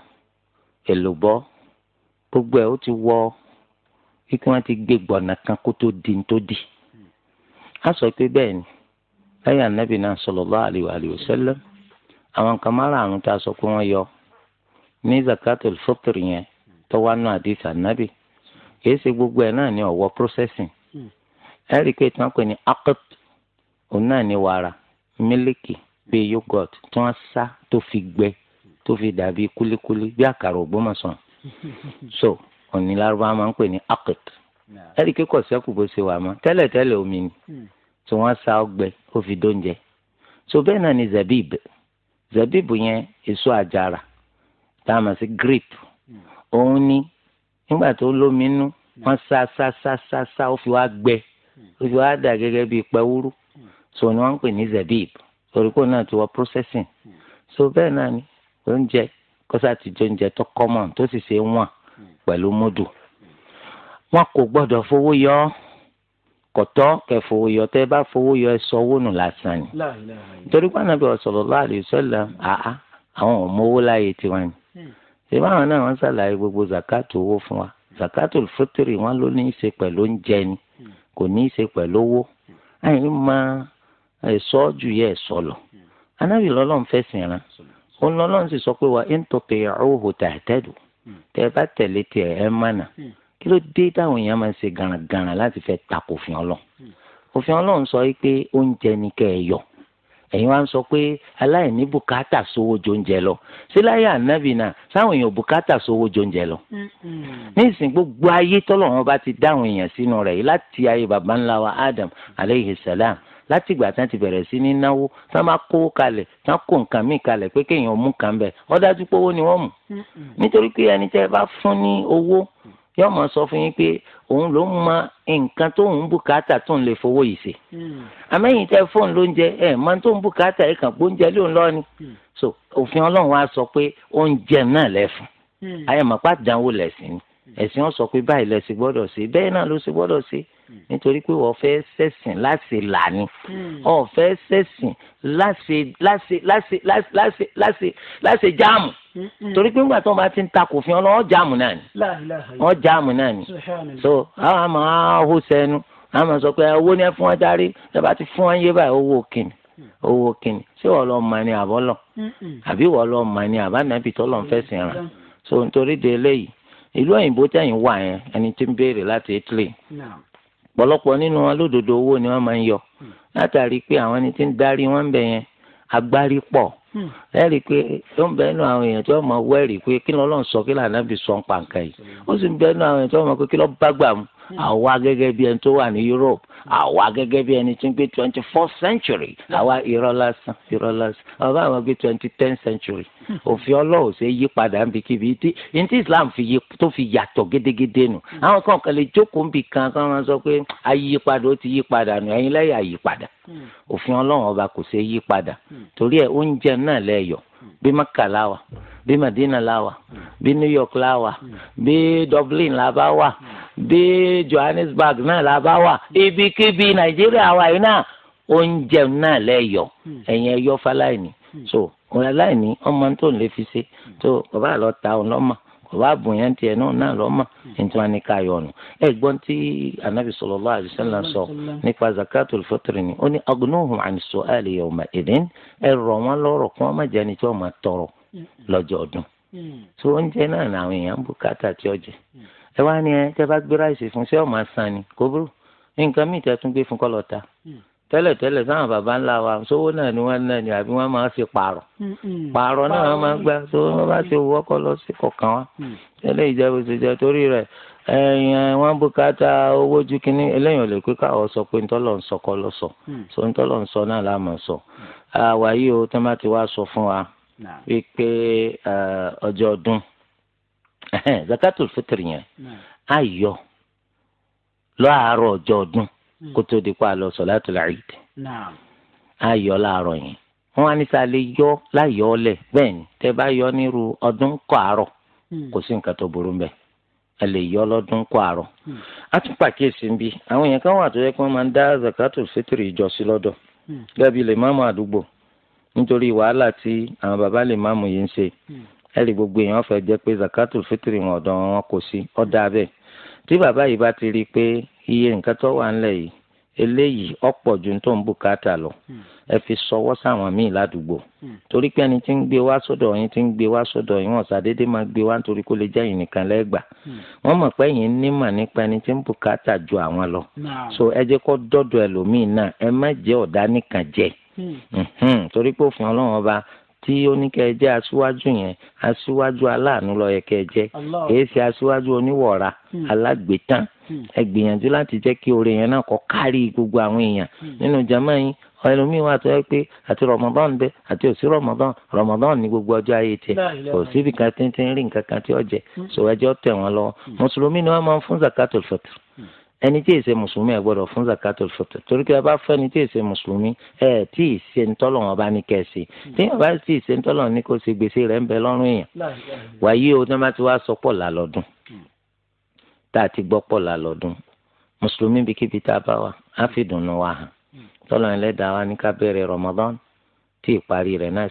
èlùbọ́ gbogbo ẹ̀ ó ti wọ kíkí wọ́n ti gbé gbọ̀nà kan kó tó di tó di. a sọ pé bẹ́ẹ̀ ni lẹ́yìn anábì náà sallallahu alaihi wa sallam àwọn kan márààrún tá a sọ pé wọ́n yọ ní zakatul fitr yẹn tó wá nù àdìsí anábì kìí ṣe gbogbo ẹ̀ náà ní ọ̀wọ́ processing hmm. ẹ rí i pè ní akut òun náà ní wàrà mílíkì bíi yogurt tí wọ́n sá tó fi gbẹ tó fi dàbí kúlíkúlí bí àkàrà ògbómọ̀sán so òní lárúbá máa ń pè ní akut ẹ rí i pé kò sẹ́kù bó ṣe wà mọ́ tẹ́lẹ̀tẹ́lẹ̀ omi ni hmm. tí wọ́n sá ọgbẹ ó fi dóúnjẹ so bẹ́ẹ̀ náà ni zabib zabib yẹn èso àjàrà tá a mọ̀ sí grape hmm. òun ni nígbà tó lómi inú wọ́n sá sá sá sá sá ó fi wá gbẹ ó fi wá dà gẹ́gẹ́ bíi pẹ́wúrú so ni wọ́n ń pè ní zabib torí náà ti wọ processing so bẹ́ẹ̀ náà ni oúnjẹ kọ́sá ti jẹ oúnjẹ tó common tó sì ṣe wọ̀n pẹ̀lú módù wọn kò gbọ́dọ̀ fowó yọ ọ́ kọtọ kẹfowó yọ tẹ bá fowó yọ ẹsọwó nù lásán ni nítorí pé Ànábì sallallahu àá àwọn ò mówó láàyè tiwọn ni hmm ṣèbá àwọn náà wọ́n ṣàlàyé gbogbo zakato owó fún wa zakato fitiri wọn ló ní í ṣe pẹ̀lú oúnjẹ ni kò ní í ṣe pẹ̀lú owó àyìn máa ẹ̀sọ́ ju yẹ ẹ̀sọ́ lọ anábì lọ́lọ́run fẹ̀sìn rán òun lọ́lọ́run sì sọ pé wa in tuti'uhu tahtadu tẹ́ ẹ bá tẹ̀lé tiẹ̀ ẹ mánà kí ló dé táwọn èèyàn máa ń ṣe garagara láti fẹ́ takò òfin ọlọ́run òfin ọlọ́run sọ wípé oúnjẹ ni kẹ́ ẹ yọ ẹ̀yin wá ń sọ pé aláìní bùkátà sówó jóúnjẹ lọ ṣé láyé ànábì náà sáwọn èèyàn bùkátà sówó jóúnjẹ lọ. nísìn gbogbo ayé tọ́lọ́run bá ti dáhùn èèyàn sínú rẹ̀ yìí láti ayé baba ńlá wa Adam aleyhi salam láti ìgbà tán ti bẹ̀rẹ̀ sí ní náwó tán bá kó kalẹ̀ tán kó nǹkan míì kalẹ̀ pé kéèyàn mú kan bẹ̀ ọ́ dájú pé owó ni wọ́n mú nítorí pé ẹni tẹ́ bá fún ní owó yóò máa sọ fún yín pé òun ló ń mọ nǹkan tó ń bùkátà tó ń lè fowó yìí ṣe. Hmm. àmẹ́yìn tẹ fóònù lóúnjẹ ẹ máa tó ń bùkátà ẹ kàn gbóúnjẹ ló ń lọ ni. Hmm. so òfin ọlọ́run wa sọ pé oúnjẹ náà lẹ́fun hmm. ayé màpá dánwò lẹ̀sìn ni ẹ̀sìn wọn sọ pé báyìí lẹ̀sìn gbọ́dọ̀ ṣe bẹ́ẹ̀ náà ló ṣe gbọ́dọ̀ ṣe nítorí pé wọ́n fẹ́ sẹ̀sìn láti là ní wọ́n fẹ́ sẹ̀sìn láti láti láti láti láti láti jáàmù. Mm. torí pé ńgbà tó bá ti ń ta kò fi ọlọ́wọ́ jáàmù náà ni wọ́n jáàmù náà ni so àwọn àmọ́ ahó sẹ́nu àwọn àmọ́ sọ pé owó ni ẹ fún wọn járe lọ́ba ti fún wọn yé báyìí owó kìnnì mm. owó kìnnì ṣé wọ́n lọ́ọ́ mọ ni àbọ̀ lọ àbí wọ́n lọ́ọ́ mọ ni àbánábì tó lọ́ọ́ fẹ́sìn rà so nítorí de eléyìí ìlú òyìnbó tẹ̀yìn wà yẹn ẹni tí ń béèrè láti Italy pọ̀lọpọ̀ nínú wọn lódodo owó ni wọ́n máa ń yọ mm. látàrí pé àwọn ẹni tí ń darí wọn bẹ̀ yẹn agbárí pọ̀ Hmm. ẹ rí i pé tó ń bẹ́ẹ̀ nù àwọn èèyàn tí wọ́n mọ̀ wẹ́ẹ̀rì pé kí lọ́lọ́run sọ kí lànà bí sọ ń pa nǹkan yìí ó sì ń bẹ́ẹ̀ àwọn èèyàn tí wọ́n mọ̀ pé kí lọ́ bá gbà mu àwa gẹ́gẹ́ bí ẹni tó wà ní Europe àwa gẹ́gẹ́ bí ẹni tí ń gbé twenty fourth century àwa irọ́ lásán irọ́ lásán àwa bá wọn gbé twenty ten century òfin ọlọ́wọ́ ṣe yí padà níbikíbi tí ní tí Islam fi yí tó fi yàtọ̀ gédégédé nù àwọn kan kan lè jókòó níbi kan kan máa sọ pé àyípadà ó ti yí padà nù ẹ̀yin lẹ́yìn àyípadà hmm. òfin ọlọ́wọ́ ọba kò ṣe yí padà hmm. torí ẹ̀ oúnjẹ náà lẹ́yọ̀ọ́ bí Mẹ́kà láwà bí Madina láwà bí New York láwà bí Dublin làbá wà bí Johannesburg náà làbá wà ibikíbi Nàìjíríà wà yìí náà oúnjẹ náà lẹ́yọ̀ ẹ̀yìn ẹ̀yọ́ fáláìní so ọ̀rẹ́ aláìní ọmọ tó ń lè fi ṣe tó bàbá àlọ́ ta ọ̀nà ọmọ. ọba àbùyàn tiẹ̀ náà náà lọ́mọ ẹ̀ńtí wọn ní ká yọ ọ̀nà ẹ̀ gbọ́n tí anabi sallallahu alaihi wasallam sọ nípa zakatul fitri ni ó ní agnuhum an su'al yawma má tọrọ lọ́jọ́ ọdún tó oúnjẹ náà èèyàn ń tí ó jẹ ẹ wá ní ẹ tẹ bá ọmọ asan ni burú tẹ́lẹ̀tẹ́lẹ̀ sáwọn baba ńlá wa sówó náà ni wọ́n náà ni àbí wọ́n máa fi pààrọ̀ mm, mm. pààrọ̀ náà wọ́n máa gbà tó wọ́n bá ti mm. wọ́ kọ́ lọ sí kọ̀ọ̀kan wa tẹ́lẹ̀ ìjẹ́bù ti jẹ́ torí rẹ̀ ẹ̀yìn wọ́n bùkátà owó ju kínní eléyìí ò lè pé káwọ́ sọ pé ntọ́lọ̀ ń sọ kọ́ lọ sọ so ntọ́lọ̀ ń sọ náà la máa sọ àwa yìí o tẹ́ bá ti wá sọ fún wa wípé ọjọ́ ọdún zakatul fitr yẹn á yọ lọ́ àárọ̀ ọjọ́ ọdún Hmm. kó tó di pa la sọ̀látùl Eid. ayọ̀ láàárọ̀ yẹn wọ́n á ní sá lè yọ láyọ̀ ọlẹ̀ bẹ́ẹ̀ ni tẹ́ bá yọ nírú ọdún kọ àárọ̀ hmm. kò sí nǹkan tó burú mbẹ́ ẹ lè yọ lọ́dún kọ àárọ̀. Hmm. a tún pàkíyèsí ń bí àwọn èèyàn kan wà tó yẹ kí wọ́n máa ń dá zakatul fitri ìjọ sí lọ́dọ̀ gẹ́bí lè máàmù àdúgbò nítorí wàhálà tí àwọn bàbá lè máàmù yìí ń ṣe ẹ lè gbogbo èèyàn fẹ́ jẹ́ pé zakatul fitri wọn ọ̀dọ̀ wọn kò sí ọ̀dà bẹ́ẹ̀ tí bàbá yìí bá ti rí i pé iye nǹkan tó wà ńlẹ̀ yìí eléyìí ọ̀pọ̀ ju tó ń bùkátà lọ hmm. ẹ fi ṣọwọ́ sáwọn míì ládùúgbò hmm. torí pé ẹni tí ń gbé wá sọ́dọ̀ yín tí ń gbé wá sọ́dọ̀ yín wọ́n ṣàdédé máa gbé wá nítorí kó lè jẹ́ yìí nìkan lẹ́gbà hmm. wọ́n mọ̀ pé yìí nímọ̀ nípa ẹni tí ń bùkátà ju àwọn lọ so ẹ jẹ́ kó dọ́dọ̀ ẹlòmíì náà ẹ má jẹ́ ọ̀dá nìkan jẹ́ torí pé òfin ọlọ́run ọba tí ó ní kẹ́ ẹ jẹ́ aṣíwájú yẹn aṣíwájú aláàánú ló yẹ kẹ́ ẹ jẹ́ kìí ṣe aṣíwájú oníwọ̀ra hmm. alágbèétán hmm. ẹ gbìyànjú láti jẹ́ kí oore yẹn náà kó kárí gbogbo àwọn èèyàn hmm. nínú jama yín ẹlòmíín wà tó yẹ pé àti rọmọdán bẹ àti òsì rọmọdán rọmọdán ní gbogbo ọjọ́ ayé tiẹ̀ kò síbi kan tí ń rí nǹkan tí ó jẹ sọ tẹ̀ wọ́n lọ́wọ́ mùsùlùmí ni wọ́n máa ń fún zakatul fitr ẹni tí èsè mùsùlùmí ẹ gbọ́dọ̀ fún zakatul fitr torí pé ẹ bá fẹ́ ẹni tí èsè mùsùlùmí ẹ tí ìṣe ńtọ́lọ̀ wọn bá ní kẹ̀sì tí ẹ bá tí ìṣe ńtọ́lọ̀ ní kò ṣe gbèsè rẹ̀ ń bẹ lọ́rùn èèyàn wàyí o tí wọ́n bá ti wá sọ pọ̀ lálọ́dún tá a ti gbọ́ pọ̀ lálọ́dún mùsùlùmí bíkíbi tá a bá wa á fi dùnnú wa hàn tọ́lọ̀ ẹlẹ́dàá wa ní ká bẹ̀rẹ̀ Ramadan tí ìparí rẹ̀ náà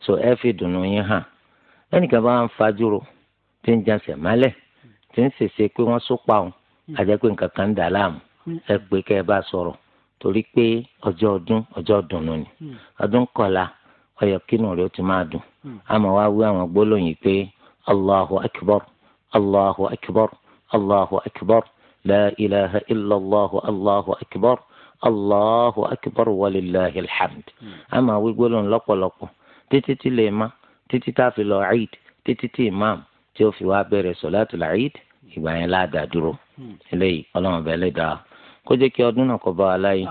so ẹ fi ẹnìkan bá ń fajúro tí ń jansẹ̀ málẹ̀ tí ń ṣèṣe pé wọ́n sópa òun àjẹ́ pé nǹkan kan ń dà láàmú ẹ pé kẹ́ ẹ bá sọ̀rọ̀ torí pé ọjọ́ ọdún ọjọ́ dùnú ni ọdún kọlá ọyọ kínú rẹ ó ti máa dùn àmọ́ wá wí àwọn gbólóyìn pé allahu akbar allahu akbar allahu akbar la ilaha illallah allahu akbar allahu akbar walillahi alhamd àmọ́ wí gbólóyìn lọ́pọ̀lọpọ̀ títí tí lè má títí tá a fi lọ eid títí tí imam tí ó fi wá bẹ̀rẹ̀ sọ̀láàtù eid ìgbà yẹn láàdá dúró hmm. eléyìí ọlọ́run bẹ́ẹ̀ lẹ́dàá kó jẹ́ kí ọdún náà kó bá wa láyé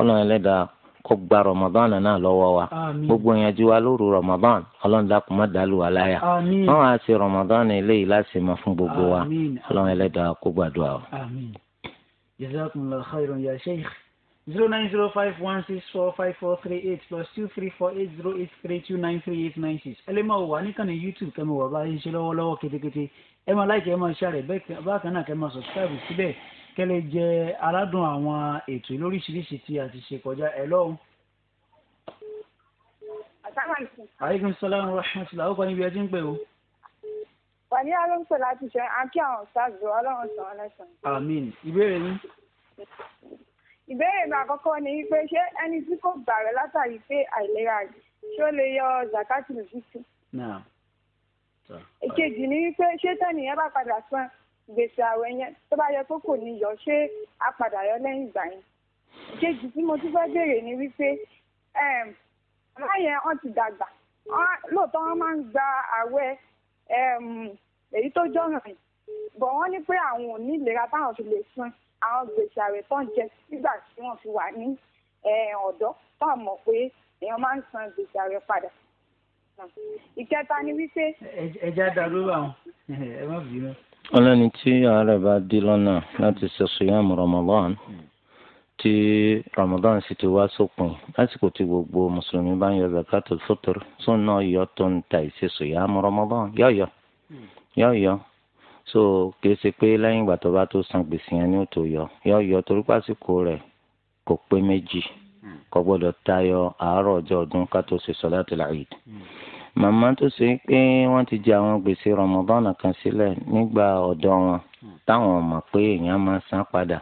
ọlọ́run lẹ́dàá kó gba rọmọbán náà lọ́wọ́ wa gbogbo ìyànjú wa lóru rọmọbán ọlọ́run dákun má dàlú wa láyà wọ́n á ṣe rọmọbán eléyìí láti mọ fún gbogbo wa ọlọ́run ẹlẹ́dàá kó gbàdúrà wa. jazakumullahu khairan zero nine zero five one six four five four three eight plus two three four eight zero eight three two nine three eight nine six ẹ lè máa wà níkànnì youtube kẹ́mi wà bá ń ṣe lọ́wọ́lọ́wọ́ ketekete ẹ máa láìkẹ́ ẹ máa ṣàrẹ̀ bákan náà kẹ́ máa subscribe síbẹ̀ kẹ́ lè jẹ aládùn àwọn ètò lóríṣiríṣi tí a ti ṣe kọjá ẹ lọ́hùn. aleykum salaam wa rahmatulah ọkọ níbi ẹ ti ń pè o. wà ní alonso láti ṣe àkí àwọn ṣáàzù ọlọ́run sàn án lẹ́sàn-án. àmín ìbéèrè yín ìbéèrè mi àkọ́kọ́ ni pé ṣé ẹni tí kò gbààwẹ̀ látàrí pé àìlera rẹ̀ ṣé ó lè yọ zakati lùfíìsì. èkejì ni pé ṣé tẹ́nìyàn bá padà san gbèsè àwẹ̀ yẹn tó bá yẹ kó kò ní yọ ṣé a padà yọ lẹ́yìn ìgbà yẹn. èkejì tí mo tún fẹ́ béèrè ni wípé láyẹn ehm, wọ́n ti dàgbà lóòótọ́ wọ́n máa ń gba àwẹ̀ ehm, èyí tó jọ̀ràn yìí bọ̀ wọ́n ní pé àwọn ò ní ìlera táwọn fi lè san àwọn gbèsè ààrẹ tán jẹ nígbà tí wọ́n fi wà ní ọ̀dọ́ táwọn mọ̀ pé èèyàn máa ń san gbèsè ààrẹ padà. ìkẹta ni wípé. ẹ já da lórí àwọn ẹ má bínú. ọlọ́ni tí ààrẹ bá dé lọ́nà láti ṣe sùyàmù Ramadan tí Ramadan sì ti wá sópin lásìkò tí gbogbo mùsùlùmí bá ń yọ zakatul fitr sóun náà yọ tó ń ta ìṣe sùyàmù Ramadan yọ̀yọ̀ yọ̀yọ̀. Hmm so kì í ṣe pé lẹ́yìn ìgbà tó bá tó san gbèsè yẹn ni ó tó yọ yọ yọ torí pásíkò rẹ̀ kò pé méjì hmm. kò gbọ́dọ̀ tayọ àárọ̀ ọjọ́ ọdún ká tó ṣe solatul Eid hmm. màmá tó ṣe pé wọ́n ti jẹ àwọn gbèsè rọmọbọ́nà kan sílẹ̀ nígbà ọ̀dọ́ wọn hmm. táwọn mọ̀ pé èèyàn máa san padà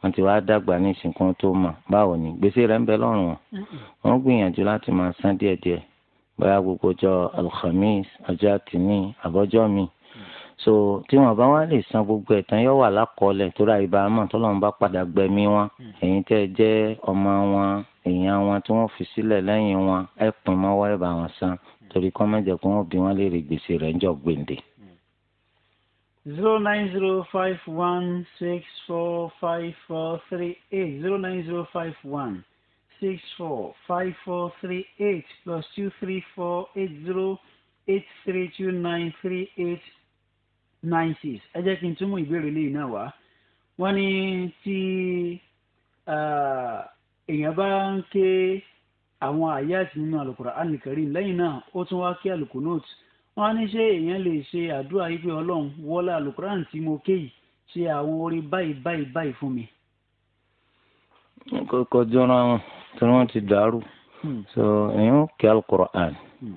wọ́n ti wá dàgbà ní ìsìnkú tó mọ̀ báwo ni gbèsè rẹ̀ ń bẹ lọ́rùn wọn wọ́n gbìyànjú láti máa san díẹ̀díẹ̀ bóyá gbogbo ọjọ́ alhamis ọjọ́ àtìní àbọ́jọ́ mi so tí wọn bá wá lè san gbogbo ẹ̀tàn yóò wà lákọọ́lẹ̀ tó ra ìbámu tọ́lọ́run bá padà gbẹ̀mí wọn hmm. ẹ̀yin tẹ́ ẹ jẹ́ ọmọ wọn èèyàn wọn tí wọ́n fi sílẹ̀ lẹ́yìn wọn ẹ pín mọ́wọ́ bá wọn san hmm. torí kọ́ mẹ́jẹ̀ kí wọ́n bí wọ́n lè rí gbèsè rẹ̀ ńjọ́ gbèǹde. Hmm. zero nine zero five one six four five four three eight zero nine zero five one six four five four three eight plus two three four eight zero eight three two nine three eight nine six ẹ jẹ́ kí n túmọ̀ ìbéèrè lẹ́yìn náà wá wọ́n ní tí èèyàn bá ń ké àwọn àyàtì nínú Al-Qur'an Al-Karim lẹ́yìn náà ó tún wá ké Al-Qunut wọ́n ní ṣé èèyàn lè ṣe àdúrà yìí pé ọlọ́run wọlé Al-Qur'an mo ké yìí ṣe àwọn orí báyìí báyìí báyìí fún mi. kókó jọra wọn tí wọn ti dàrú hmm. so èèyàn ké Al-Qur'an hmm.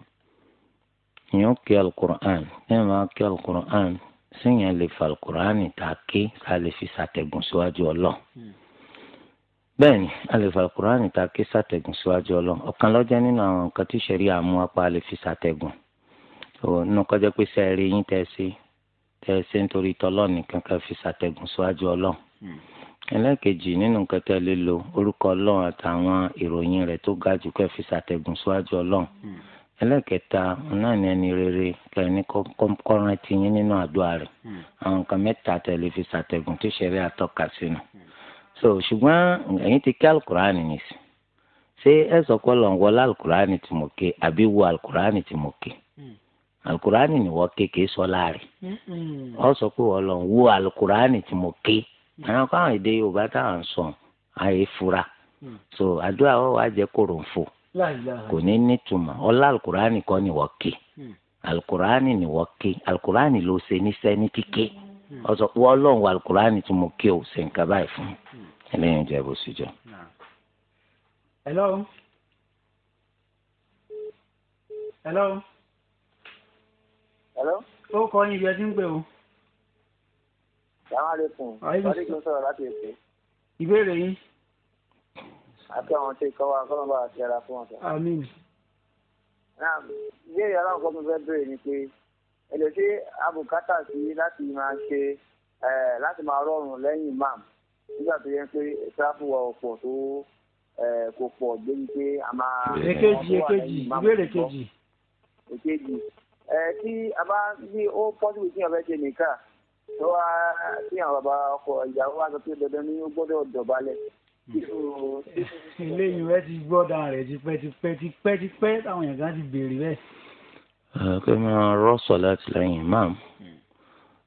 èèyàn ké Al-Qur'an ẹ máa ké Al-Qur'an síyẹn lè fa alukur'ani tá a ké ká lè fi ṣàtẹ̀gùn síwájú ọlọ́run hmm. bẹ́ẹ̀ ni a lè fa alukur'ani tá a ké ṣàtẹ̀gùn síwájú ọlọ́run ọ̀kan lọ́jọ́ nínú àwọn nǹkan tí sẹ̀rí àmú apá lè fi ṣàtẹ̀gùn nínú kọjá pé sẹ́ẹ̀rì yín tẹ́ ẹ nítorí tọ́lọ́ nìkan ká fi ṣàtẹ̀gùn síwájú ọlọ́run hmm. ẹlẹ́ẹ̀kejì nínú nǹkan tẹ́ lè lo orúkọ ọlọ́run àtàwọn ìròyìn rẹ̀ tó ga jù kẹ́ fi ṣàtẹ̀gùn síwájú ọlọ́run hmm ẹlẹ́kẹta náà ni ẹni rere kẹni kọ́ran ti yín nínú àdúrà rẹ̀ hmm. àwọn nǹkan mẹ́ta tẹ̀lé fi ṣàtẹ̀gùn tí ṣẹ̀rí àtọ́ka sínú. so ṣùgbọ́n ẹ̀yin ti kí alukur'ani ni sí ṣé ẹ sọ pé lọ́nwọ́ alukur'ani ti mọ̀ ké àbí wo alukur'ani ti mọ̀ ké hmm. alukur'ani ni wọ́n ké kìí sọ láàrin hmm. ọ sọ pé wọ́n lọ wo alukur'ani ti mọ̀ ké àwọn káwọn èdè Yorùbá táwọn sọ àyè fura so àdúrà wọn wàá jẹ́ kòròǹfò kò ní nítumọ̀ ọlá alukurani kọ́ ni wọ́n ké hmm. alukurani ni wọ́n ké alukurani ló ṣe níṣẹ́ ní kíké ọ̀sọ̀ hmm. pé ọlọ́run alukurani tí mo ké o ṣe nǹkan báyìí fún mi ẹlẹ́yin hmm. jẹ́ bó ṣe jọ. hello hello hello ó kọ yín ibi ẹ ti ń pè o. salaam aleykum. ìbéèrè yín àti àwọn tí kọ́ wa kọ́nà bá ti ara fún ọ̀sán. àmín. náà ìbéèrè aláwọ̀kọ́ mi fẹ́ bèrè ni pé èlò tí abùkátà sí láti máa ṣe láti máa rọrùn lẹ́yìn imam nígbà tó yẹ pé sáfù wa ò pọ̀ tó kò pọ̀ débi pé a máa. èkejì èkejì ìbéèrè kejì. èkejì tí a bá ní ó pọ́sibú tí yàn fẹ́ ṣe nìkan tó wá tí àwọn bàbá ọkọ ìyàwó wa sọ pé dandan ni ó gbọ́dọ̀ dọ̀bálẹ̀ Hmm. eléyìí rẹ ti gbọ́dọ̀ rẹ̀ tipẹ́ tipẹ́ tipẹ́ tipẹ́ táwọn èèyàn kan ti béèrè bẹ́ẹ̀. pé ah, máa rọ́ọ̀sọ̀ láti lẹ́yìn ìmáàmù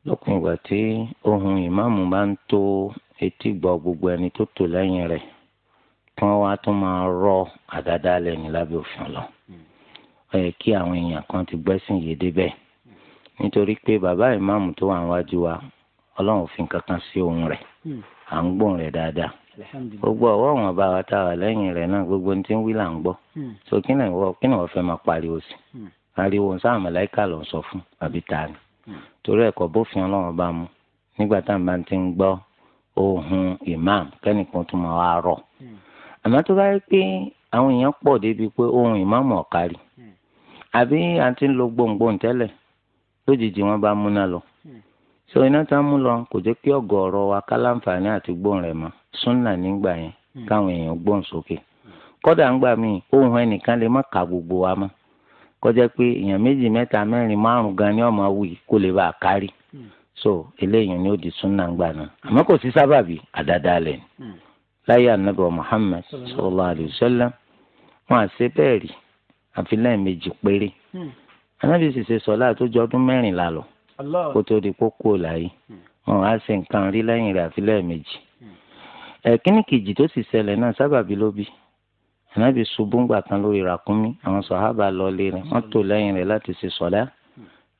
lókun ìgbà tí ohun ìmáàmù bá ń tó etí gbọ́ gbogbo ẹni tó tò lẹ́yìn rẹ̀ kí wọ́n wá tún máa rọ àdáda lẹ́yìn lábẹ́ òfin lọ. ó yẹ kí àwọn èèyàn kan ti gbẹ́sìn yìí débẹ̀ nítorí pé bàbá ìmáàmù tó wà níwájú wa ọlọ́run òfin kankan sí ohun rẹ̀ à ń gbóhùn rẹ̀ dáadáa gbogbo ọwọ́ àwọn ọba wa tá a wà lẹ́yìn rẹ̀ náà gbogbo ní ti ń wí là ń gbọ́ hmm. so kí ni wọ́n kí ni wọ́n fẹ́ máa pariwo sí hmm. ariwo ń sáà mọ̀láìkà ló ń sọ fún àbí ta ni hmm. torí ẹ̀kọ́ bófin ọlọ́run ọba mu nígbà tá à ń bá ti ń gbọ́ ohun imam kẹ́nìkan tó máa wá rọ̀ àmọ́ tó bá rí pé àwọn èèyàn pọ̀ débi pé ohun imam ọ̀kárì àbí a ti ń lo gbòǹgbòǹ tẹ́lẹ̀ lójijì wọn bá múná lọ so iná tá a mú lọ kò jẹ́ kí ọ̀gọ̀ ọ̀rọ̀ wa ká súnà nígbà yẹn hmm. káwọn èèyàn gbọ́n sókè kódà ńgbà míì ohun ẹnìkan lè má ka gbogbo wa mọ́ kọjá pé èèyàn méjì mẹ́ta mẹ́rin márùn gan ni ọmọ wì kó lè bá a kárí hmm. so eléyìí ni ó di súnà ńgbà náà àmọ́ kò sí sábàbí àdádálẹ̀ ni hmm. láyé ànábì Muhammad sallallahu alayhi wa sallam wọn à ṣe bẹ́ẹ̀ rí àfi lẹ́ẹ̀mejì péré ànábì sì ṣe sọlá tó ju ọdún mẹ́rìnlá lọ kó tó di kókó láyé wọn à ṣe nǹkan rí lẹ́yìn rẹ̀ àfi lẹ́ẹ̀mejì ẹ̀kíní kejì tó sì ṣẹlẹ̀ náà sábàbí ló bí ànábì ṣubú ńgbà kan lórí ràkúnmí àwọn sọ̀hábà lọ lé rẹ̀ wọ́n tò lẹ́yìn rẹ̀ láti ṣe sọ̀lá